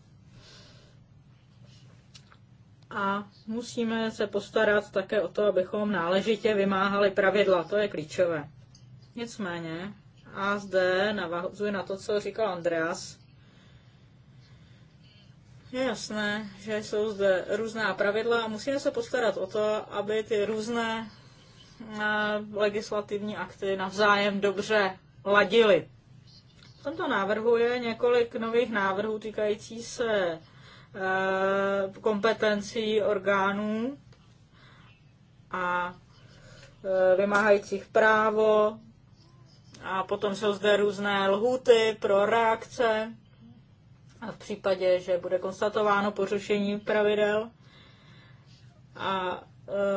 [SPEAKER 3] A musíme se postarat také o to, abychom náležitě vymáhali pravidla. To je klíčové. Nicméně, a zde navazuje na to, co říkal Andreas. Je jasné, že jsou zde různá pravidla a musíme se postarat o to, aby ty různé eh, legislativní akty navzájem dobře ladily. V tomto návrhu je několik nových návrhů týkající se eh, kompetencí orgánů a eh, vymáhajících právo, a potom jsou zde různé lhuty pro reakce a v případě, že bude konstatováno porušení pravidel. A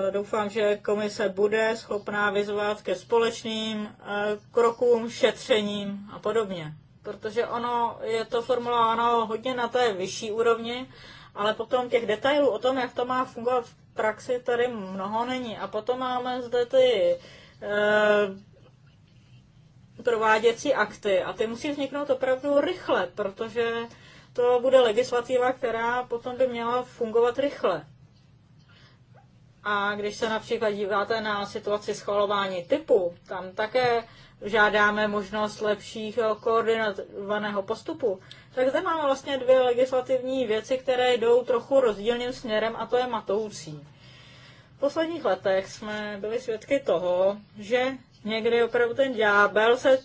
[SPEAKER 3] e, doufám, že komise bude schopná vyzvat ke společným e, krokům, šetřením a podobně. Protože ono je to formulováno hodně na té vyšší úrovni, ale potom těch detailů o tom, jak to má fungovat v praxi, tady mnoho není. A potom máme zde ty e, prováděcí akty a ty musí vzniknout opravdu rychle, protože to bude legislativa, která potom by měla fungovat rychle. A když se například díváte na situaci schvalování typu, tam také žádáme možnost lepších koordinovaného postupu, tak zde máme vlastně dvě legislativní věci, které jdou trochu rozdílným směrem a to je matoucí. V posledních letech jsme byli svědky toho, že Někdy opravdu ten ďábel se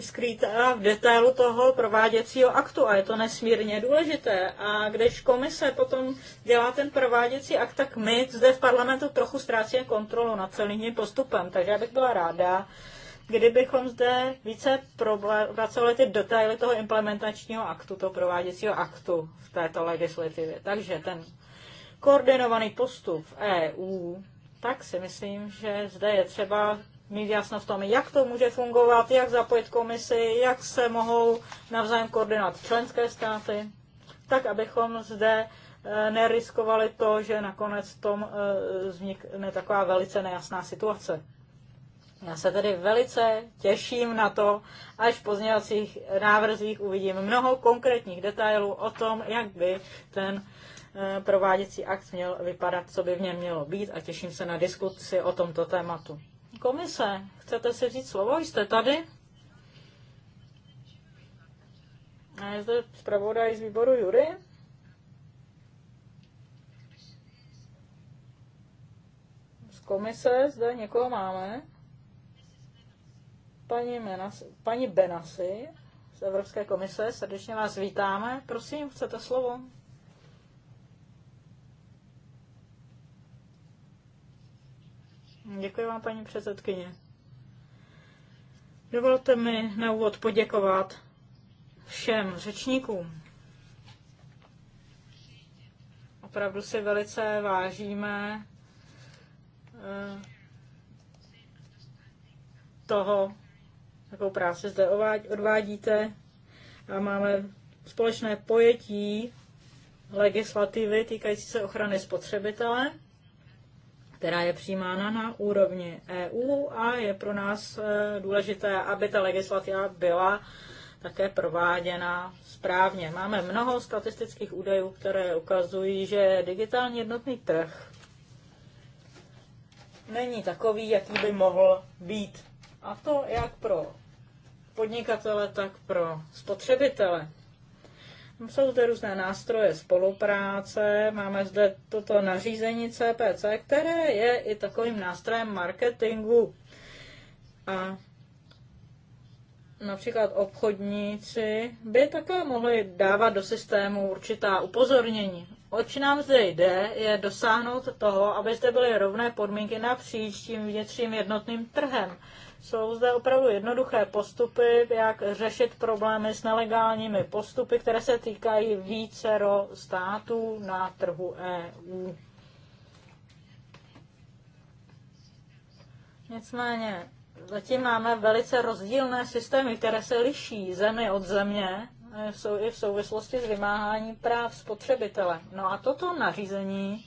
[SPEAKER 3] skrýtá v detailu toho prováděcího aktu a je to nesmírně důležité. A když komise potom dělá ten prováděcí akt, tak my zde v parlamentu trochu ztrácíme kontrolu nad celým tím postupem. Takže já bych byla ráda, kdybychom zde více pracovali ty detaily toho implementačního aktu, toho prováděcího aktu v této legislativě. Takže ten koordinovaný postup v EU, tak si myslím, že zde je třeba mít jasno v tom, jak to může fungovat, jak zapojit komisi, jak se mohou navzájem koordinovat členské státy, tak abychom zde eh, neriskovali to, že nakonec v tom eh, vznikne taková velice nejasná situace. Já se tedy velice těším na to, až v pozdějacích návrzích uvidím mnoho konkrétních detailů o tom, jak by ten eh, prováděcí akt měl vypadat, co by v něm mělo být a těším se na diskusi o tomto tématu komise. Chcete si říct slovo? Jste tady? A je zde zpravodaj z výboru Jury. Z komise zde někoho máme. Paní, Menasi, paní Benasi z Evropské komise, srdečně vás vítáme. Prosím, chcete slovo? Děkuji vám, paní předsedkyně. Dovolte mi na úvod poděkovat všem řečníkům. Opravdu si velice vážíme eh, toho, jakou práci zde odvádíte a máme společné pojetí legislativy týkající se ochrany spotřebitele která je přijímána na úrovni EU a je pro nás eh, důležité, aby ta legislativa byla také prováděna správně. Máme mnoho statistických údajů, které ukazují, že digitální jednotný trh není takový, jaký by mohl být. A to jak pro podnikatele, tak pro spotřebitele. Jsou zde různé nástroje spolupráce, máme zde toto nařízení CPC, které je i takovým nástrojem marketingu. A například obchodníci by také mohli dávat do systému určitá upozornění. Oč nám zde jde, je dosáhnout toho, aby zde byly rovné podmínky na příštím vnitřním jednotným trhem. Jsou zde opravdu jednoduché postupy, jak řešit problémy s nelegálními postupy, které se týkají vícero států na trhu EU. Nicméně zatím máme velice rozdílné systémy, které se liší zemi od země, jsou i v souvislosti s vymáháním práv spotřebitele. No a toto nařízení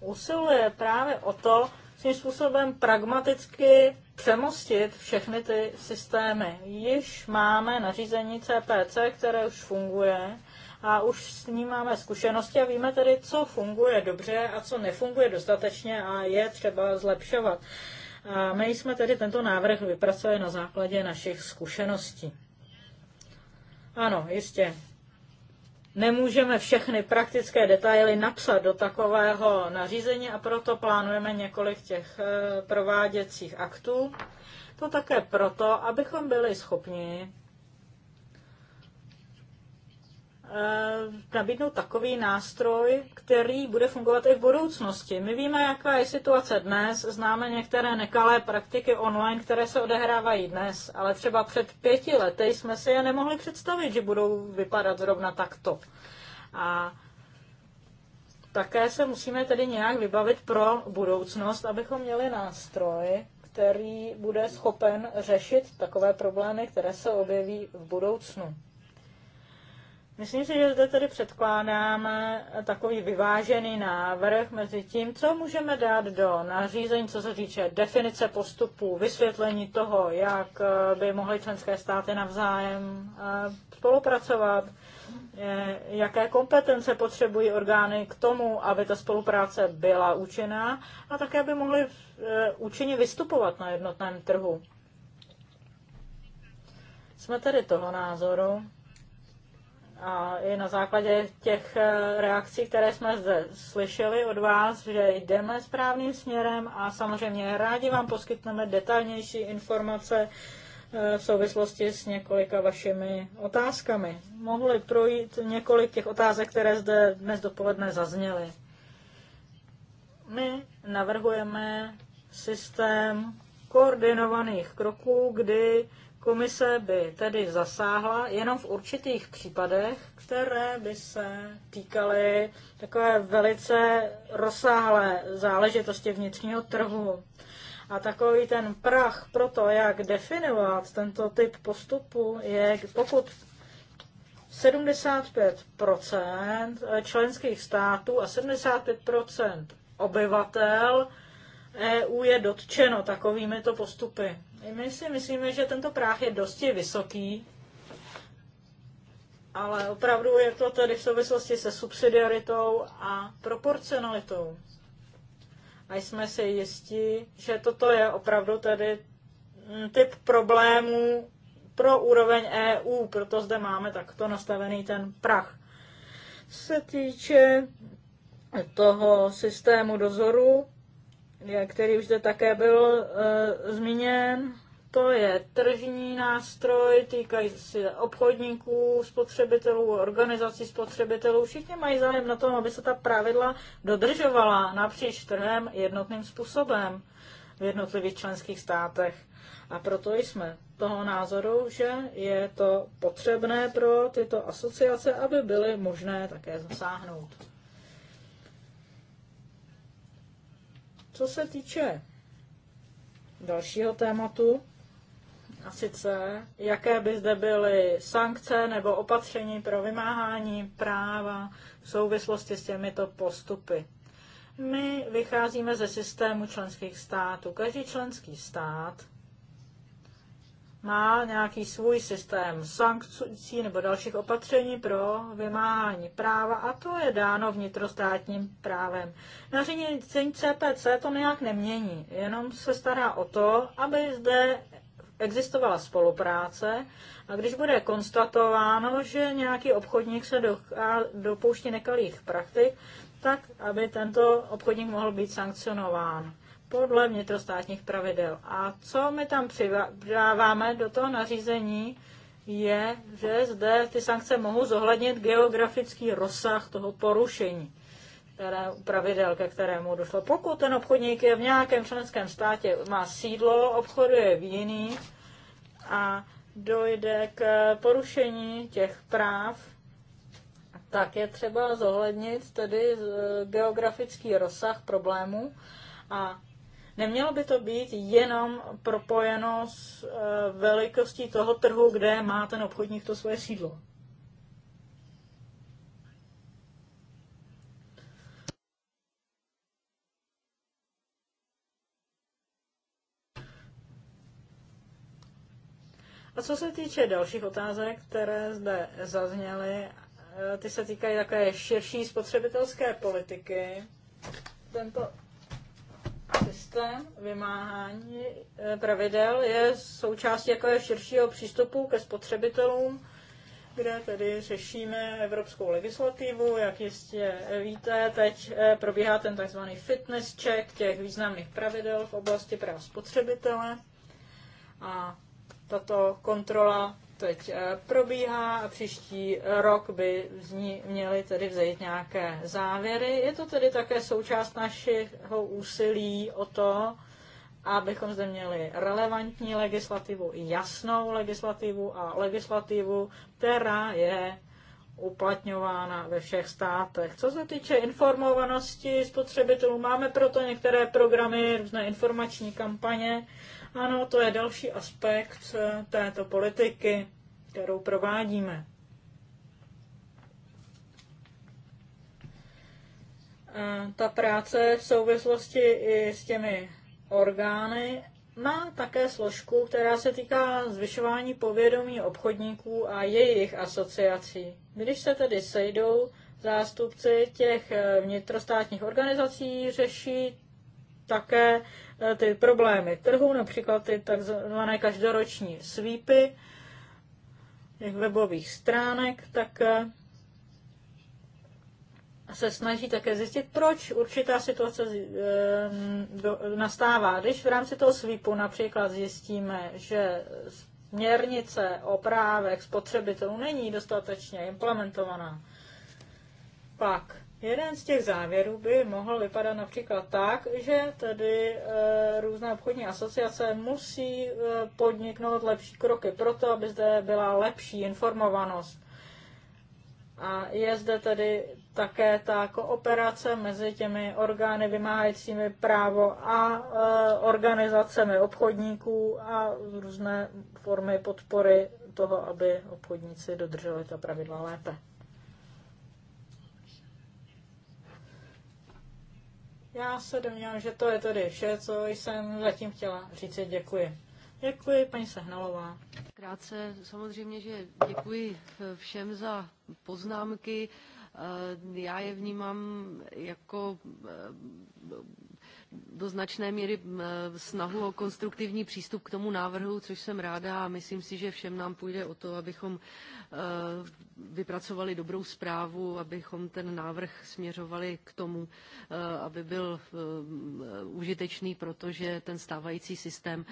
[SPEAKER 3] usiluje právě o to, svým způsobem pragmaticky přemostit všechny ty systémy. Již máme nařízení CPC, které už funguje a už s ním máme zkušenosti a víme tedy, co funguje dobře a co nefunguje dostatečně a je třeba zlepšovat. A my jsme tedy tento návrh vypracovali na základě našich zkušeností. Ano, jistě nemůžeme všechny praktické detaily napsat do takového nařízení a proto plánujeme několik těch eh, prováděcích aktů. To také proto, abychom byli schopni Eh, nabídnout takový nástroj, který bude fungovat i v budoucnosti. My víme, jaká je situace dnes, známe některé nekalé praktiky online, které se odehrávají dnes, ale třeba před pěti lety jsme si je nemohli představit, že budou vypadat zrovna takto. A také se musíme tedy nějak vybavit pro budoucnost, abychom měli nástroj, který bude schopen řešit takové problémy, které se objeví v budoucnu. Myslím si, že zde tedy předkládáme takový vyvážený návrh mezi tím, co můžeme dát do nařízení, co se týče definice postupů, vysvětlení toho, jak eh, by mohly členské státy navzájem eh, spolupracovat, eh, jaké kompetence potřebují orgány k tomu, aby ta spolupráce byla účinná a také by mohly účinně vystupovat na jednotném trhu. Jsme tedy toho názoru, a i na základě těch eh, reakcí, které jsme zde slyšeli od vás, že jdeme správným směrem a samozřejmě rádi vám poskytneme detailnější informace eh, v souvislosti s několika vašimi otázkami. Mohli projít několik těch otázek, které zde dnes dopoledne zazněly. My navrhujeme systém koordinovaných kroků, kdy Komise by tedy zasáhla jenom v určitých případech, které by se týkaly takové velice rozsáhlé záležitosti vnitřního trhu. A takový ten prach pro to, jak definovat tento typ postupu, je, pokud 75 členských států a 75 obyvatel EU je dotčeno takovými to postupy. My si myslíme, že tento práh je dosti vysoký, ale opravdu je to tedy v souvislosti se subsidiaritou a proporcionalitou. A jsme si jistí, že toto je opravdu tedy mm, typ problémů pro úroveň EU, proto zde máme takto nastavený ten prach. Se týče toho systému dozoru, který už zde také byl uh, zmíněn. To je tržní nástroj, týkají se obchodníků, spotřebitelů, organizací spotřebitelů. Všichni mají zájem na tom, aby se ta pravidla dodržovala napříč trhem jednotným způsobem v jednotlivých členských státech. A proto jsme toho názoru, že je to potřebné pro tyto asociace, aby byly možné také zasáhnout. Co se týče dalšího tématu, a sice, jaké by zde byly sankce nebo opatření pro vymáhání práva v souvislosti s těmito postupy. My vycházíme ze systému členských států. Každý členský stát má nějaký svůj systém sankcí nebo dalších opatření pro vymáhání práva a to je dáno vnitrostátním právem. Nařízení CPC to nějak nemění, jenom se stará o to, aby zde existovala spolupráce a když bude konstatováno, že nějaký obchodník se do, dopouští nekalých praktik, tak aby tento obchodník mohl být sankcionován podle vnitrostátních pravidel. A co my tam přidáváme do toho nařízení, je, že zde ty sankce mohou zohlednit geografický rozsah toho porušení které, pravidel, ke kterému došlo. Pokud ten obchodník je v nějakém členském státě, má sídlo, obchoduje v jiný a dojde k porušení těch práv, tak je třeba zohlednit tedy geografický rozsah problému a Nemělo by to být jenom propojeno s eh, velikostí toho trhu, kde má ten obchodník to svoje sídlo. A co se týče dalších otázek, které zde zazněly, eh, ty se týkají takové širší spotřebitelské politiky. Tento systém vymáhání eh, pravidel je součástí jako je širšího přístupu ke spotřebitelům, kde tedy řešíme evropskou legislativu. Jak jistě víte, teď eh, probíhá ten tzv. fitness check těch významných pravidel v oblasti práv spotřebitele. A tato kontrola teď eh, probíhá a příští rok by z ní měly tedy vzejít nějaké závěry. Je to tedy také součást našeho úsilí o to, abychom zde měli relevantní legislativu, jasnou legislativu a legislativu, která je uplatňována ve všech státech. Co se týče informovanosti spotřebitelů, máme proto některé programy, různé informační kampaně, ano, to je další aspekt eh, této politiky, kterou provádíme. Ta práce v souvislosti i s těmi orgány má také složku, která se týká zvyšování povědomí obchodníků a jejich asociací. Když se tedy sejdou zástupci těch eh, vnitrostátních organizací, řeší také eh, ty problémy trhu, například ty takzvané každoroční svípy těch webových stránek, tak eh, se snaží také zjistit, proč určitá situace eh, nastává. Když v rámci toho svípu, například zjistíme, že směrnice o právech spotřebitelů není dostatečně implementovaná, pak Jeden z těch závěrů by mohl vypadat například tak, že tedy e, různé obchodní asociace musí e, podniknout lepší kroky pro to, aby zde byla lepší informovanost. A je zde tedy také ta kooperace mezi těmi orgány vymáhajícími právo a e, organizacemi obchodníků a různé formy podpory toho, aby obchodníci dodrželi ta pravidla lépe. Já se domnívám, že to je tedy vše, co jsem zatím chtěla říct. Děkuji. Děkuji, paní Sehnalová.
[SPEAKER 1] Krátce samozřejmě, že děkuji všem za poznámky. Eh, já je vnímám jako eh, do značné míry e, snahu o konstruktivní přístup k tomu návrhu, což jsem ráda a myslím si, že všem nám půjde o to, abychom e, vypracovali dobrou zprávu, abychom ten návrh směřovali k tomu, e, aby byl užitečný, protože ten stávající systém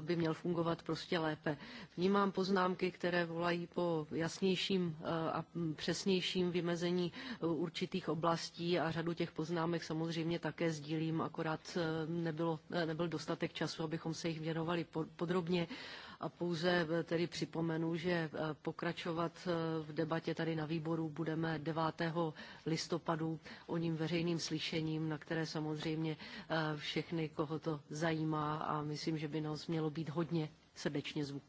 [SPEAKER 1] by měl fungovat prostě lépe. Vnímám poznámky, které volají po jasnějším a přesnějším vymezení určitých oblastí a řadu těch poznámek samozřejmě také sdílím a akorát eh, nebylo, eh, nebyl dostatek času, abychom se jich věnovali podrobně. A pouze eh, tedy připomenu, že pokračovat v debatě tady na výboru budeme 9. listopadu o ním veřejným slyšením, na které samozřejmě všechny, koho to zajímá a myslím, že by nás mělo být hodně srdečně zvu.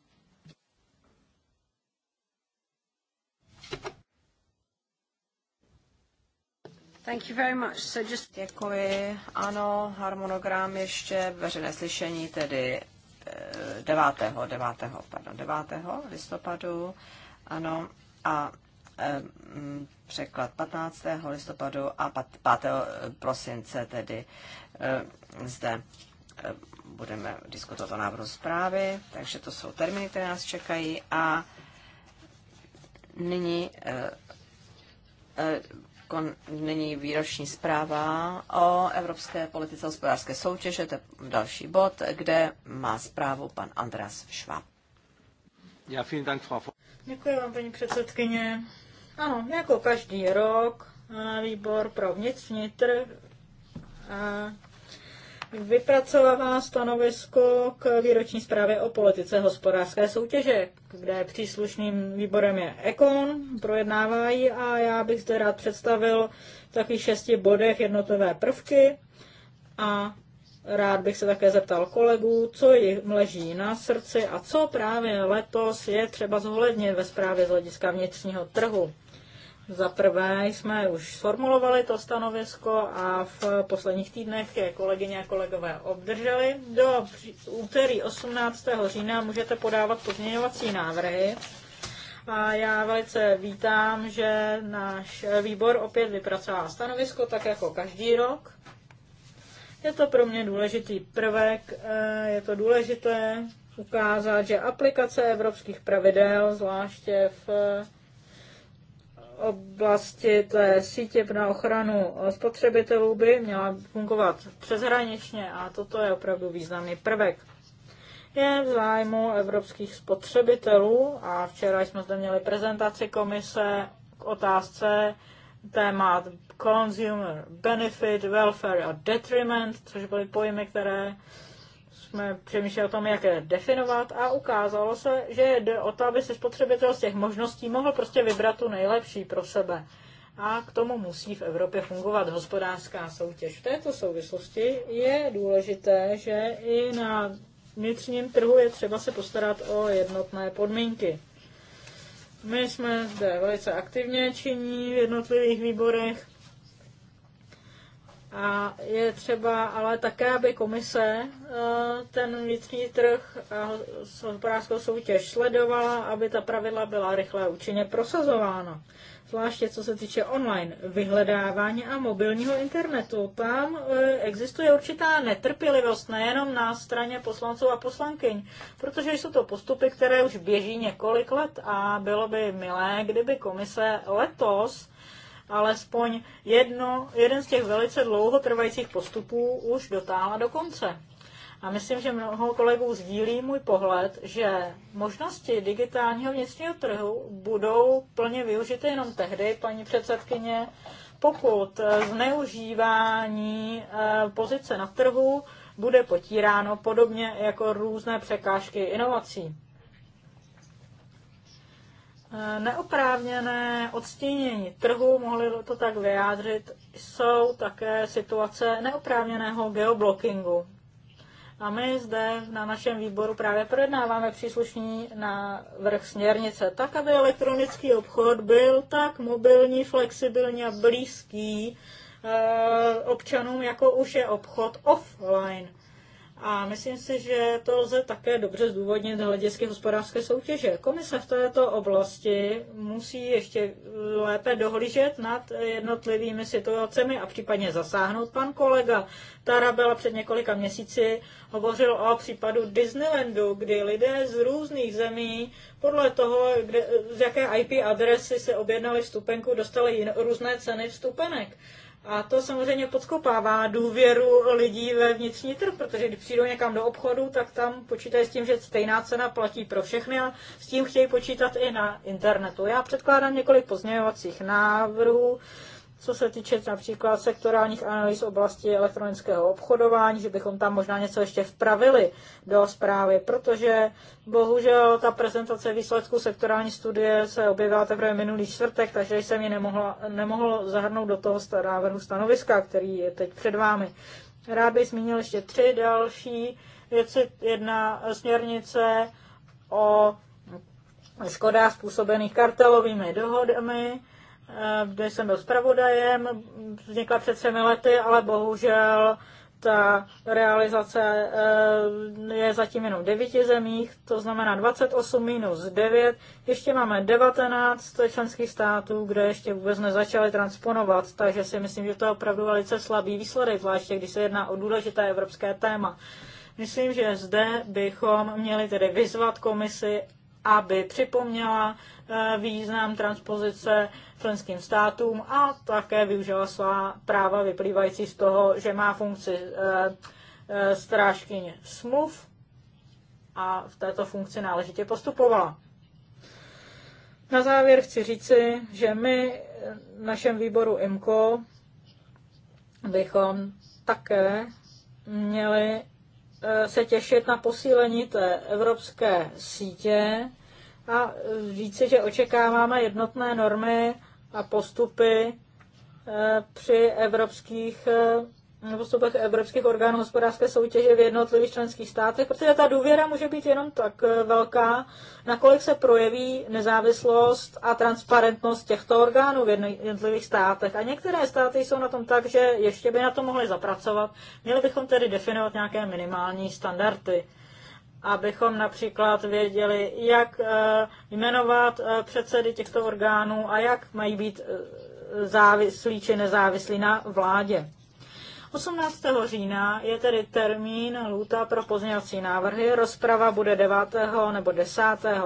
[SPEAKER 4] Thank you very much. So just... Děkuji. Ano, harmonogram ještě, veřejné slyšení tedy 9. Eh, 9. Pardon, 9. listopadu. Ano. A eh, mm, překlad 15. listopadu a 5. Eh, prosince tedy zde budeme diskutovat o návrhu zprávy, takže to jsou termíny, které nás čekají a nyní kon, není výroční zpráva o evropské politice hospodářské soutěže, to je další bod, kde má zprávu pan Andras Schwab. Já Dank, Frau
[SPEAKER 3] Děkuji vám, paní předsedkyně. Ano, jako každý rok eh, výbor pro vnitřní trh eh, vypracovává stanovisko k výroční zprávě o politice hospodářské soutěže, kde příslušným výborem je Ekon, projednávají a já bych zde rád představil v takových šesti bodech jednotové prvky a rád bych se také zeptal kolegů, co jim leží na srdci a co právě letos je třeba zohlednit ve zprávě z hlediska vnitřního trhu. Za prvé jsme už sformulovali to stanovisko a v posledních týdnech je kolegyně a kolegové obdrželi. Do úterý 18. října můžete podávat pozměňovací návrhy. A já velice vítám, že náš výbor opět vypracovává stanovisko, tak jako každý rok. Je to pro mě důležitý prvek, eh, je to důležité ukázat, že aplikace evropských pravidel, zvláště v oblasti té sítě na ochranu spotřebitelů by měla fungovat přeshraničně a toto je opravdu významný prvek. Je v zájmu evropských spotřebitelů a včera jsme zde měli prezentaci komise k otázce témat consumer benefit, welfare a detriment, což byly pojmy, které jsme přemýšleli o tom, jak je definovat a ukázalo se, že jde o to, aby si spotřebitel z těch možností mohl prostě vybrat tu nejlepší pro sebe. A k tomu musí v Evropě fungovat hospodářská soutěž. V této souvislosti je důležité, že i na vnitřním trhu je třeba se postarat o jednotné podmínky. My jsme zde velice aktivně činí v jednotlivých výborech a je třeba ale také, aby komise eh, ten vnitřní trh a hospodářskou soutěž sledovala, aby ta pravidla byla rychle a účinně prosazována. Zvláště co se týče online vyhledávání a mobilního internetu. Tam eh, existuje určitá netrpělivost nejenom na straně poslanců a poslankyň, protože jsou to postupy, které už běží několik let a bylo by milé, kdyby komise letos alespoň jedno, jeden z těch velice dlouho trvajících postupů už dotáhla do konce. A myslím, že mnoho kolegů sdílí můj pohled, že možnosti digitálního vnitřního trhu budou plně využity jenom tehdy, paní předsedkyně, pokud eh, zneužívání eh, pozice na trhu bude potíráno podobně jako různé překážky inovací. Neoprávněné odstínění trhu, mohli to tak vyjádřit, jsou také situace neoprávněného geoblockingu. A my zde na našem výboru právě projednáváme příslušní na vrch směrnice, tak aby elektronický obchod byl tak mobilní, flexibilní a blízký eh, občanům, jako už je obchod offline. A myslím si, že to lze také dobře zdůvodnit hledisky hospodářské soutěže. Komise v této oblasti musí ještě lépe dohlížet nad jednotlivými situacemi a případně zasáhnout. Pan kolega Tarabela před několika měsíci hovořil o případu Disneylandu, kdy lidé z různých zemí podle toho, kde, z jaké IP adresy se objednali vstupenku, dostali jin, různé ceny vstupenek. A to samozřejmě podkopává důvěru lidí ve vnitřní trh, protože když přijdou někam do obchodu, tak tam počítají s tím, že stejná cena platí pro všechny a s tím chtějí počítat i na internetu. Já předkládám několik pozměňovacích návrhů co se týče například sektorálních analýz oblasti elektronického obchodování, že bychom tam možná něco ještě vpravili do zprávy, protože bohužel ta prezentace výsledků sektorální studie se objevila teprve minulý čtvrtek, takže jsem ji nemohla, nemohl zahrnout do toho návrhu stanoviska, který je teď před vámi. Rád bych zmínil ještě tři další věci. Jedna směrnice o škodách způsobených kartelovými dohodami, kde jsem byl zpravodajem, vznikla před třemi lety, ale bohužel ta realizace eh, je zatím jenom v devíti zemích, to znamená 28 minus 9. Ještě máme 19 členských států, kde ještě vůbec nezačaly transponovat, takže si myslím, že to je opravdu velice slabý výsledek, zvláště když se jedná o důležité evropské téma. Myslím, že zde bychom měli tedy vyzvat komisi, aby připomněla Eh, význam transpozice členským státům a také využila svá práva vyplývající z toho, že má funkci eh, eh, strážkyně smluv a v této funkci náležitě postupovala. Na závěr chci říci, že my v našem výboru IMCO bychom také měli se těšit na posílení té evropské sítě a říci, že očekáváme jednotné normy a postupy eh, při evropských eh, postupech evropských orgánů hospodářské soutěže v jednotlivých členských státech, protože ta důvěra může být jenom tak eh, velká, nakolik se projeví nezávislost a transparentnost těchto orgánů v jednotlivých státech. A některé státy jsou na tom tak, že ještě by na to mohly zapracovat. Měli bychom tedy definovat nějaké minimální standardy abychom například věděli, jak eh, jmenovat eh, předsedy těchto orgánů a jak mají být eh, závislí či nezávislí na vládě. 18. října je tedy termín lůta pro pozměňovací návrhy. Rozprava bude 9. nebo 10.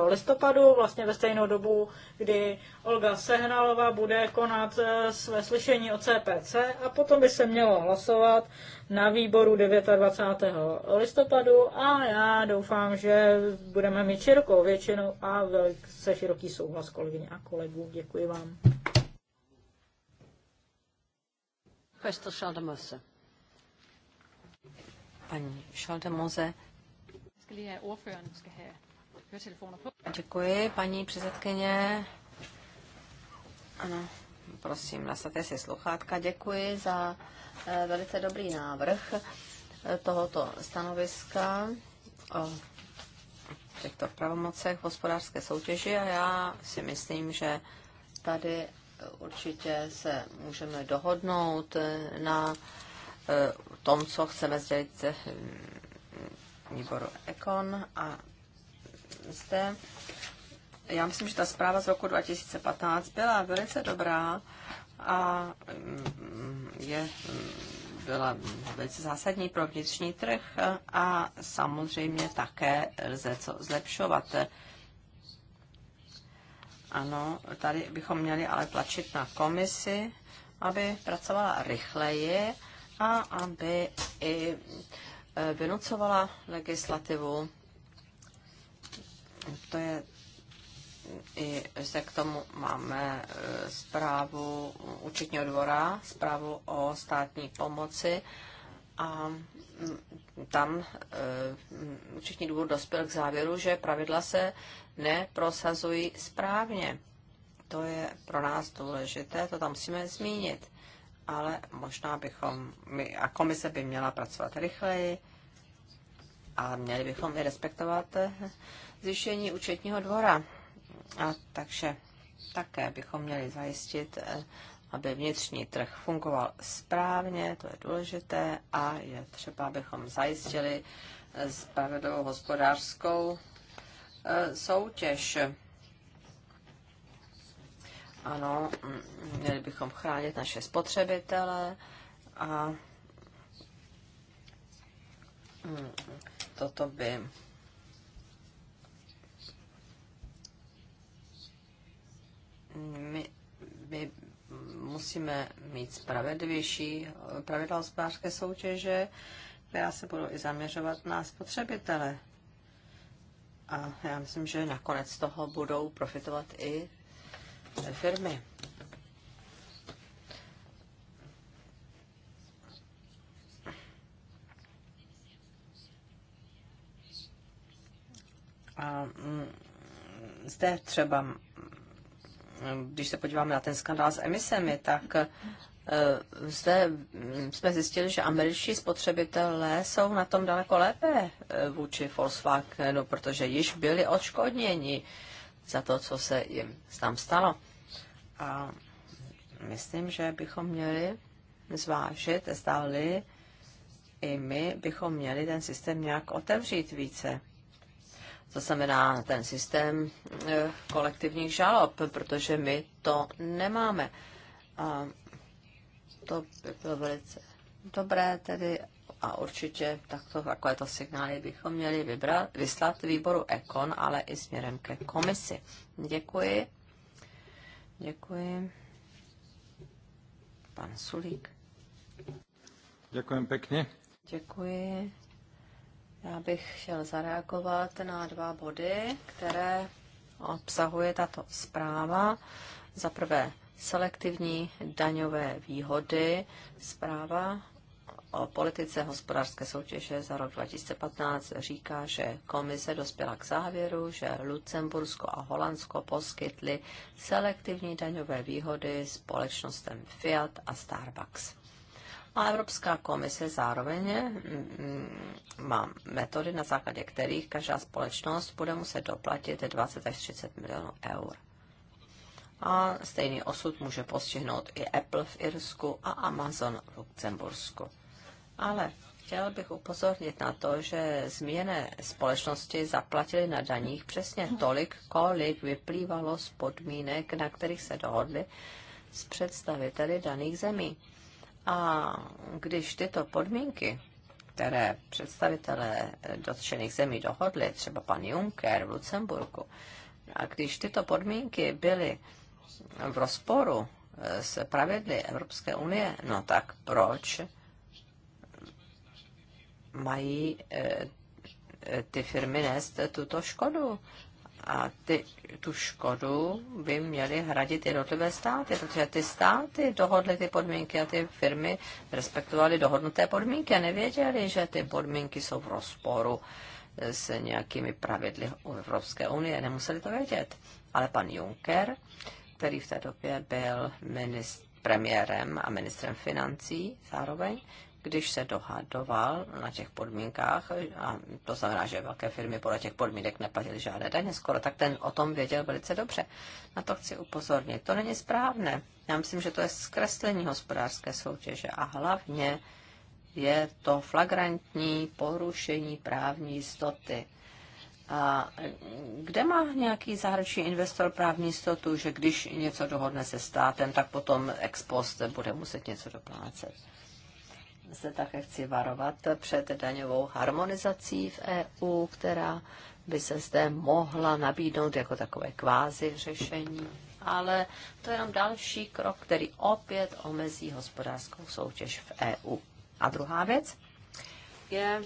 [SPEAKER 3] listopadu, vlastně ve stejnou dobu, kdy Olga Sehnalova bude konat eh, své slyšení o CPC a potom by se mělo hlasovat na výboru 29. listopadu a já doufám, že budeme mít širokou většinu a velice široký souhlas kolegyně a kolegů. Děkuji vám. Questo Schaldemose
[SPEAKER 4] paní Šaldemoze. Děkuji, paní předsedkyně. Ano, prosím, nasadte si sluchátka. Děkuji za eh, velice dobrý návrh eh, tohoto stanoviska o těchto pravomocech v hospodářské soutěži a já si myslím, že tady eh, určitě se můžeme dohodnout na Eh, tom, co chceme sdělit eh, výboru Ekon a zde já myslím, že ta zpráva z roku 2015 byla velice dobrá a mm, je, mm, byla velice zásadní pro vnitřní trh a samozřejmě také lze co zlepšovat. Ano, tady bychom měli ale tlačit na komisi, aby pracovala rychleji a aby i e, vynucovala legislativu. To je i se k tomu máme e, zprávu účetního dvora, zprávu o státní pomoci a mm, tam e, účetní důvod dospěl k závěru, že pravidla se neprosazují správně. To je pro nás důležité, to tam musíme zmínit ale možná bychom, my, a komise by měla pracovat rychleji a měli bychom i respektovat zjištění účetního dvora. A takže také bychom měli zajistit, aby vnitřní trh fungoval správně, to je důležité, a je třeba, abychom zajistili spravedlivou hospodářskou e, soutěž ano, měli bychom chránit naše spotřebitele a mm, toto by my, my musíme mít spravedlivější pravidla hospodářské soutěže, která se budou i zaměřovat na spotřebitele. A já myslím, že nakonec toho budou profitovat i firmy. A mm, zde třeba, mm, když se podíváme na ten skandál s emisemi, tak e, zde mm, jsme zjistili, že američtí spotřebitelé jsou na tom daleko lépe e, vůči Volkswagenu, protože již byli odškodněni za to, co se jim tam stalo. A myslím, že bychom měli zvážit, zdali i my bychom měli ten systém nějak otevřít více. To znamená ten systém eh, kolektivních žalob, protože my to nemáme. A to by bylo velice dobré tedy, a určitě takto, takovéto signály bychom měli vybrat, vyslat výboru Ekon, ale i směrem ke komisi. Děkuji. Děkuji. Pan Sulík. Děkuji pěkně. Děkuji. Já bych chtěl zareagovat na dva body, které obsahuje tato zpráva. Za prvé selektivní daňové výhody. Zpráva politice hospodářské soutěže za rok 2015 říká, že komise dospěla k závěru, že Lucembursko a Holandsko poskytly selektivní daňové výhody společnostem Fiat a Starbucks. A Evropská komise zároveň mm, mm, má metody, na základě kterých každá společnost bude muset doplatit 20 až 30 milionů eur. A stejný osud může postihnout i Apple v Irsku a Amazon v Luxembursku. Ale chtěl bych upozornit na to, že změny společnosti zaplatily na daních přesně tolik, kolik vyplývalo z podmínek, na kterých se dohodli s představiteli daných zemí. A když tyto podmínky, které představitelé dotčených zemí dohodli, třeba pan Juncker v Lucemburku, a když tyto podmínky byly v rozporu s pravidly Evropské unie, no tak proč mají eh, ty firmy nést tuto škodu. A ty, tu škodu by měly hradit jednotlivé státy, protože ty státy dohodly ty podmínky a ty firmy respektovaly dohodnuté podmínky a nevěděly, že ty podmínky jsou v rozporu eh, s nějakými pravidly Evropské unie. Nemuseli to vědět. Ale pan Juncker, který v té době byl ministr, premiérem a ministrem financí zároveň, když se dohadoval na těch podmínkách, a to znamená, že velké firmy podle těch podmínek neplatily žádné daně skoro, tak ten o tom věděl velice dobře. Na to chci upozornit. To není správné. Já myslím, že to je zkreslení hospodářské soutěže a hlavně je to flagrantní porušení právní jistoty. A kde má nějaký zahraniční investor právní jistotu, že když něco dohodne se státem, tak potom ex post bude muset něco doplácet? zde také chci varovat před daňovou harmonizací v EU, která by se zde mohla nabídnout jako takové kvázi řešení, ale to je jenom další krok, který opět omezí hospodářskou soutěž v EU. A druhá věc je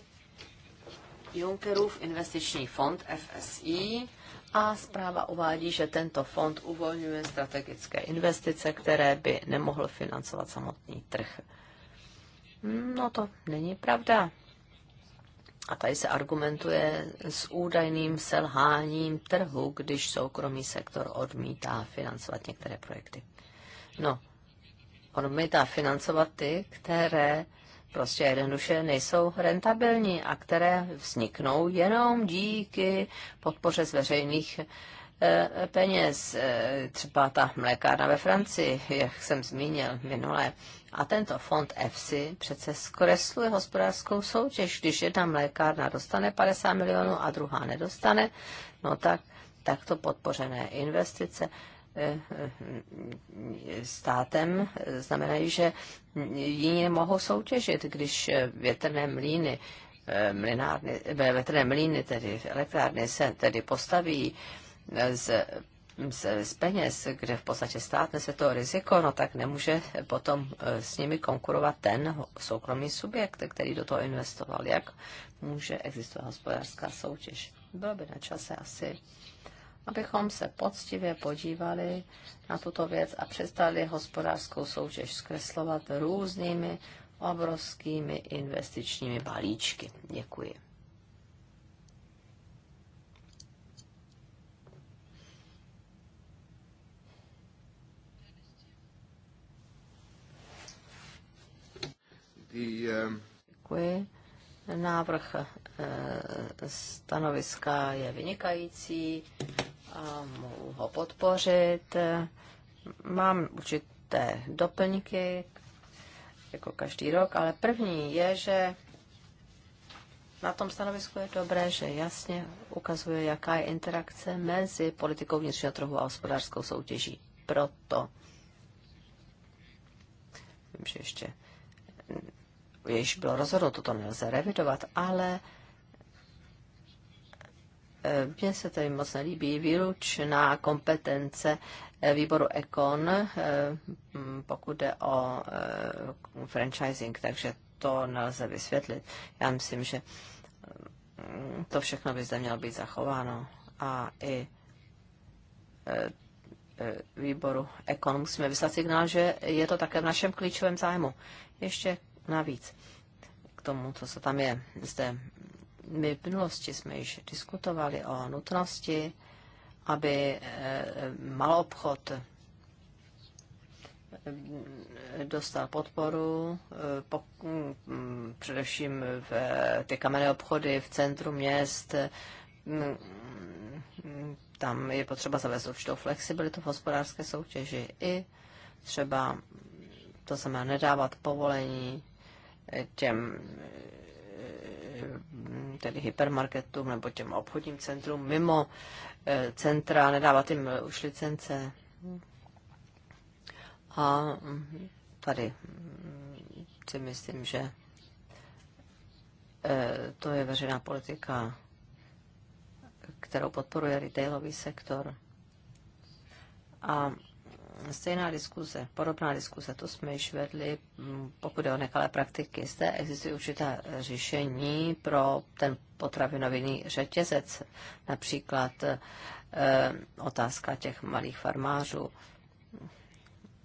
[SPEAKER 4] Junckerův investiční fond FSI a zpráva uvádí, že tento fond uvolňuje strategické investice, které by nemohl financovat samotný trh. No to není pravda. A tady se argumentuje s údajným selháním trhu, když soukromý sektor odmítá financovat některé projekty. No, odmítá financovat ty, které prostě jednoduše nejsou rentabilní a které vzniknou jenom díky podpoře z veřejných eh, peněz. Eh, třeba ta mlékárna ve Francii, jak jsem zmínil minule, a tento fond EFSI přece zkresluje hospodářskou soutěž. Když jedna mlékárna dostane 50 milionů a druhá nedostane, no tak takto podpořené investice eh, eh, státem znamenají, že jiní nemohou soutěžit, když eh, větrné mlíny, mlinárny, větrné mlíny, tedy elektrárny se tedy postaví z z, z peněz, kde v podstatě stát nese to riziko, no tak nemůže potom e, s nimi konkurovat ten soukromý subjekt, který do toho investoval. Jak může existovat hospodářská soutěž? Bylo by na čase asi, abychom se poctivě podívali na tuto věc a přestali hospodářskou soutěž zkreslovat různými obrovskými investičními balíčky. Děkuji. Um, Děkuji. Návrh eh, stanoviska je vynikající a mohu ho podpořit. Mám určité doplňky, jako každý rok, ale první je, že na tom stanovisku je dobré, že jasně ukazuje, jaká je interakce mezi politikou vnitřního trhu a hospodářskou soutěží. Proto vím, že ještě již bylo rozhodnuto, to nelze revidovat, ale e, mně se tady moc nelíbí výlučná kompetence e, výboru Econ, e, pokud jde o franchising, takže to nelze vysvětlit. Já myslím, že to všechno by zde mělo být zachováno a i výboru Econ musíme vyslat signál, že je to také v našem klíčovém zájmu ještě navíc k tomu, co se tam je. Zde my v minulosti jsme již diskutovali o nutnosti, aby eh, malobchod eh, dostal podporu, eh, po, mm, především v ty kamenné obchody v centru měst. Mm, mm, tam je potřeba zavést určitou flexibilitu v hospodářské soutěži i třeba to znamená nedávat povolení těm tedy hypermarketům nebo těm obchodním centrům mimo eh, centra, nedávat jim už licence. A tady si myslím, že eh, to je veřejná politika, kterou podporuje retailový sektor. A stejná diskuze, podobná diskuze, to jsme již vedli, mm, pokud je o nekalé praktiky. Zde existují určitá řešení pro ten potravinový řetězec, například e, otázka těch malých farmářů.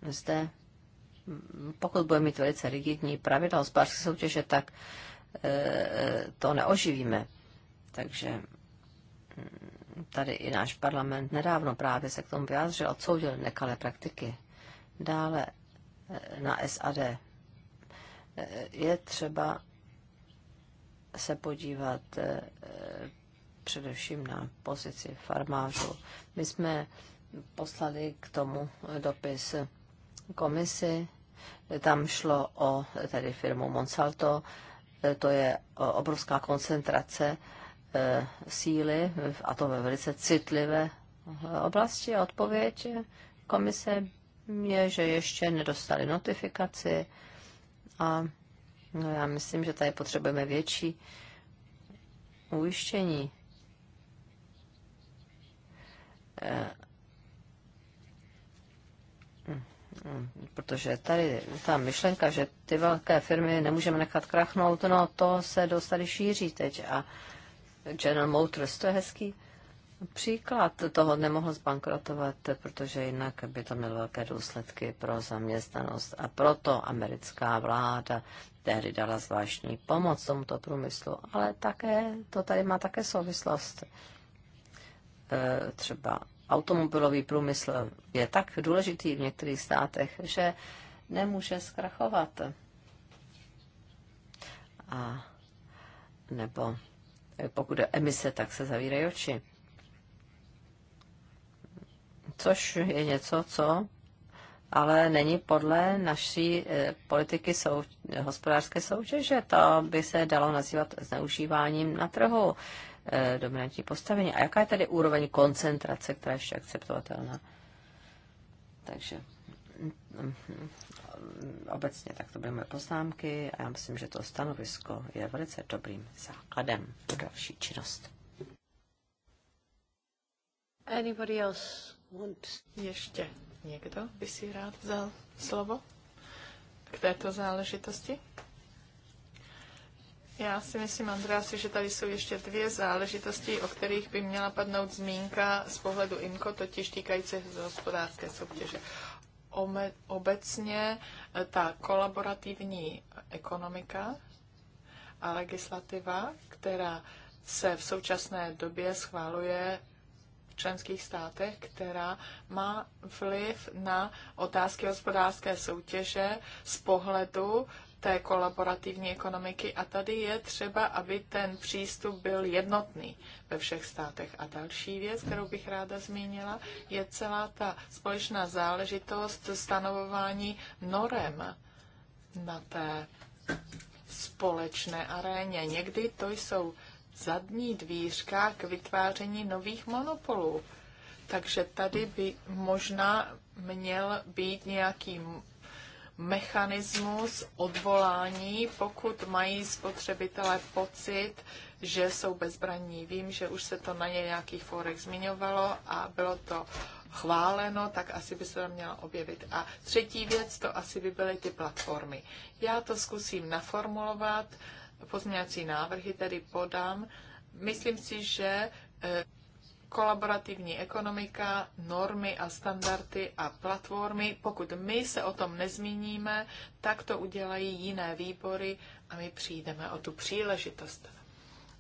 [SPEAKER 4] Zde, mm, pokud budeme mít velice rigidní pravidla hospodářské soutěže, tak e, to neoživíme. Takže mm, tady i náš parlament nedávno právě se k tomu vyjádřil, odsoudil nekalé praktiky. Dále eh, na SAD eh, je třeba se podívat eh, především na pozici farmářů. My jsme poslali k tomu dopis komisi. Tam šlo o tedy firmu Monsanto. To je obrovská koncentrace Eh, síly, a to ve velice citlivé eh, oblasti. A odpověď komise je, že ještě nedostali notifikaci a no, já myslím, že tady potřebujeme větší ujištění. Eh, mm, mm, protože tady ta myšlenka, že ty velké firmy nemůžeme nechat krachnout, no to se dostali šíří teď a General Motors, to je hezký příklad toho, nemohl zbankrotovat, protože jinak by to mělo velké důsledky pro zaměstnanost. A proto americká vláda tehdy dala zvláštní pomoc tomuto průmyslu, ale také to tady má také souvislost. E, třeba automobilový průmysl je tak důležitý v některých státech, že nemůže zkrachovat. A nebo pokud je emise, tak se zavírají oči. Což je něco, co ale není podle naší eh, politiky sou, hospodářské soutěže. To by se dalo nazývat zneužíváním na trhu eh, dominantní postavení. A jaká je tedy úroveň koncentrace, která je ještě akceptovatelná? Takže obecně, tak to byly moje poznámky a já myslím, že to stanovisko je velice dobrým základem pro další činnost.
[SPEAKER 2] Anybody else want? Ještě někdo by si rád vzal slovo k této záležitosti? Já si myslím, Andreasi, že tady jsou ještě dvě záležitosti, o kterých by měla padnout zmínka z pohledu IMCO, totiž týkající se hospodářské soutěže obecně eh, ta kolaborativní ekonomika a legislativa, která se v současné době schváluje v členských státech, která má vliv na otázky hospodářské soutěže z pohledu té kolaborativní ekonomiky a tady je třeba, aby ten přístup byl jednotný ve všech státech. A další věc, kterou bych ráda zmínila, je celá ta společná záležitost stanovování norem na té společné aréně. Někdy to jsou zadní dvířka k vytváření nových monopolů. Takže tady by možná měl být nějaký mechanismus odvolání, pokud mají spotřebitelé pocit, že jsou bezbraní. Vím, že už se to na ně nějakých fórech zmiňovalo a bylo to chváleno, tak asi by se to mělo objevit. A třetí věc, to asi by byly ty platformy. Já to zkusím naformulovat, pozměňovací návrhy tedy podám. Myslím si, že eh, kolaborativní ekonomika, normy a standardy a platformy. Pokud my se o tom nezmíníme, tak to udělají jiné výbory a my přijdeme o tu příležitost.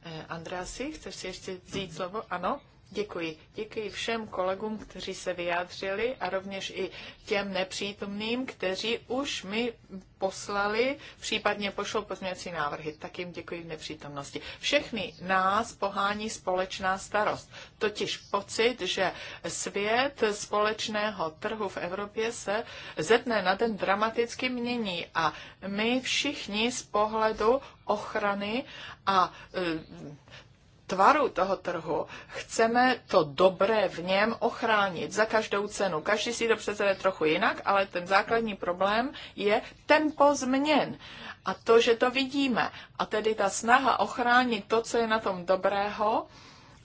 [SPEAKER 2] Eh, si chceš si ještě vzít slovo? Ano. Děkuji. Děkuji všem kolegům, kteří se vyjádřili a rovněž i těm nepřítomným, kteří už mi poslali, případně pošlou pozměňovací návrhy. Tak jim děkuji v nepřítomnosti. Všechny nás pohání společná starost, totiž pocit, že svět společného trhu v Evropě se ze dne na den dramaticky mění a my všichni z pohledu ochrany a e, tvaru toho trhu. Chceme to dobré v něm ochránit za každou cenu. Každý si to představuje trochu jinak, ale ten základní problém je tempo změn. A to, že to vidíme. A tedy ta snaha ochránit to, co je na tom dobrého,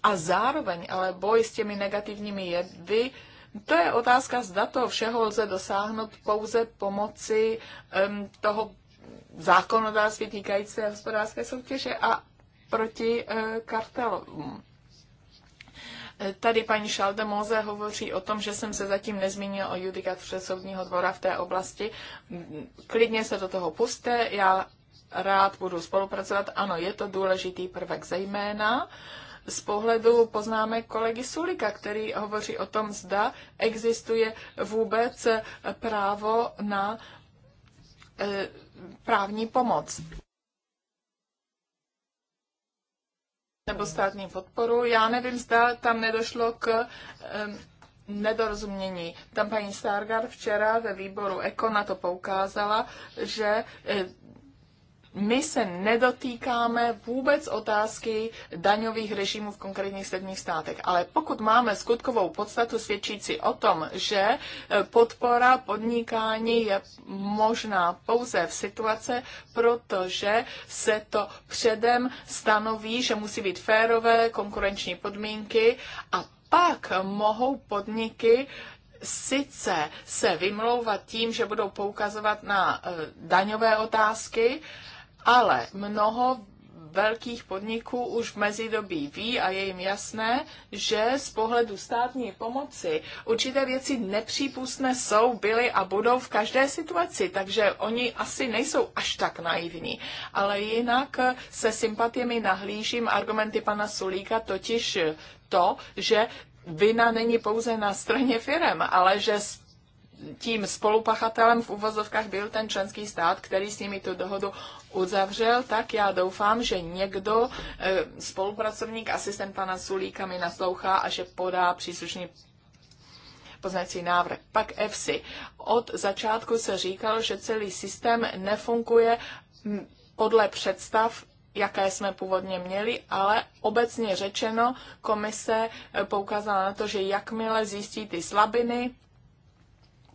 [SPEAKER 2] a zároveň ale boj s těmi negativními jedvy, to je otázka, zda to všeho lze dosáhnout pouze pomoci um, toho zákonodárství týkající hospodářské soutěže a proti eh, kartelům. Tady paní Šaldemoze hovoří o tom, že jsem se zatím nezmínil o judikat soudního dvora v té oblasti. Klidně se do toho puste, já rád budu spolupracovat. Ano, je to důležitý prvek zejména z pohledu poznámek kolegy Sulika, který hovoří o tom, zda existuje vůbec právo na eh, právní pomoc. nebo státní podporu. Já nevím, zda tam nedošlo k um, nedorozumění. Tam paní Stargard včera ve výboru ECO na to poukázala, že my se nedotýkáme vůbec otázky daňových režimů v konkrétních sedmých státech. Ale pokud máme skutkovou podstatu svědčící o tom, že e, podpora podnikání je možná pouze v situace, protože se to předem stanoví, že musí být férové konkurenční podmínky a pak mohou podniky sice se vymlouvat tím, že budou poukazovat na e, daňové otázky, ale mnoho velkých podniků už v mezidobí ví a je jim jasné, že z pohledu státní pomoci určité věci nepřípustné jsou, byly a budou v každé situaci, takže oni asi nejsou až tak naivní. Ale jinak se sympatiemi nahlížím argumenty pana Sulíka, totiž to, že vina není pouze na straně firem, ale že tím spolupachatelem v uvozovkách byl ten členský stát, který s nimi tu dohodu uzavřel, tak já doufám, že někdo, eh, spolupracovník, asistent pana Sulíka mi naslouchá a že podá příslušný poznací návrh. Pak EFSI. Od začátku se říkalo, že celý systém nefunguje podle představ jaké jsme původně měli, ale obecně řečeno komise eh, poukázala na to, že jakmile zjistí ty slabiny,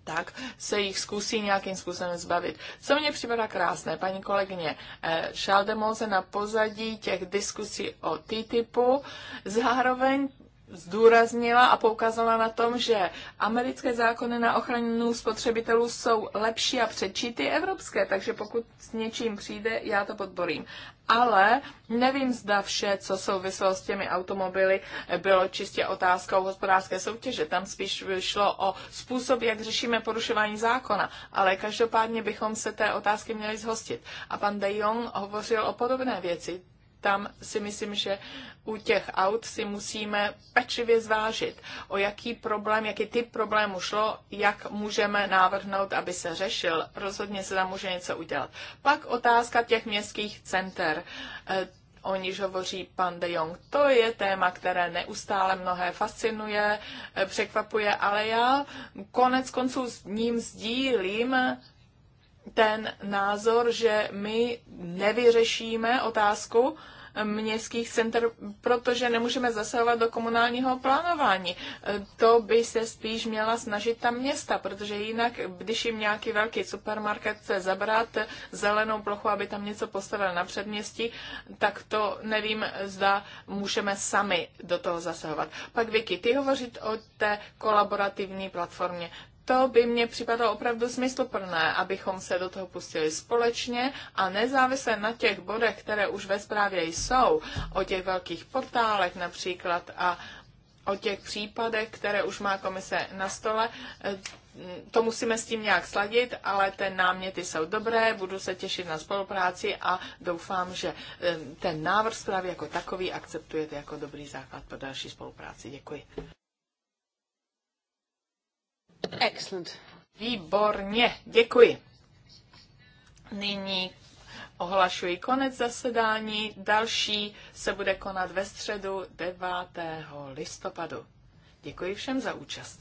[SPEAKER 2] tak se jich zkusí nějakým způsobem zbavit. Co mě připadá krásné, paní kolegyně eh, Šaldemose na pozadí těch diskusí o TTIPu, zároveň zdůraznila a poukázala na tom, že americké zákony na ochranu spotřebitelů jsou lepší a předčí ty evropské, takže pokud s něčím přijde, já to podporím. Ale nevím, zda vše, co souviselo s těmi automobily, bylo čistě otázkou hospodářské soutěže. Tam spíš šlo o způsob, jak řešíme porušování zákona. Ale každopádně bychom se té otázky měli zhostit. A pan De Jong hovořil o podobné věci tam si myslím, že u těch aut si musíme pečlivě zvážit, o jaký problém, jaký typ problému šlo, jak můžeme návrhnout, aby se řešil. Rozhodně se tam může něco udělat. Pak otázka těch městských center eh, o níž hovoří pan de Jong. To je téma, které neustále mnohé fascinuje, eh, překvapuje, ale já konec konců s ním sdílím ten názor, že my nevyřešíme otázku městských center, protože nemůžeme zasahovat do komunálního plánování. To by se spíš měla snažit ta města, protože jinak, když jim nějaký velký supermarket chce zabrat zelenou plochu, aby tam něco postavil na předměstí, tak to nevím, zda můžeme sami do toho zasahovat. Pak Vicky, ty hovořit o té kolaborativní platformě to by mě připadalo opravdu smysluplné, abychom se do toho pustili společně a nezávisle na těch bodech, které už ve zprávě jsou, o těch velkých portálech například a o těch případech, které už má komise na stole, to musíme s tím nějak sladit, ale ten náměty jsou dobré, budu se těšit na spolupráci a doufám, že ten návrh zprávy jako takový akceptujete jako dobrý základ pro další spolupráci. Děkuji. Excellent. Výborně, děkuji. Nyní ohlašuji konec zasedání. Další se bude konat ve středu 9. listopadu. Děkuji všem za účast.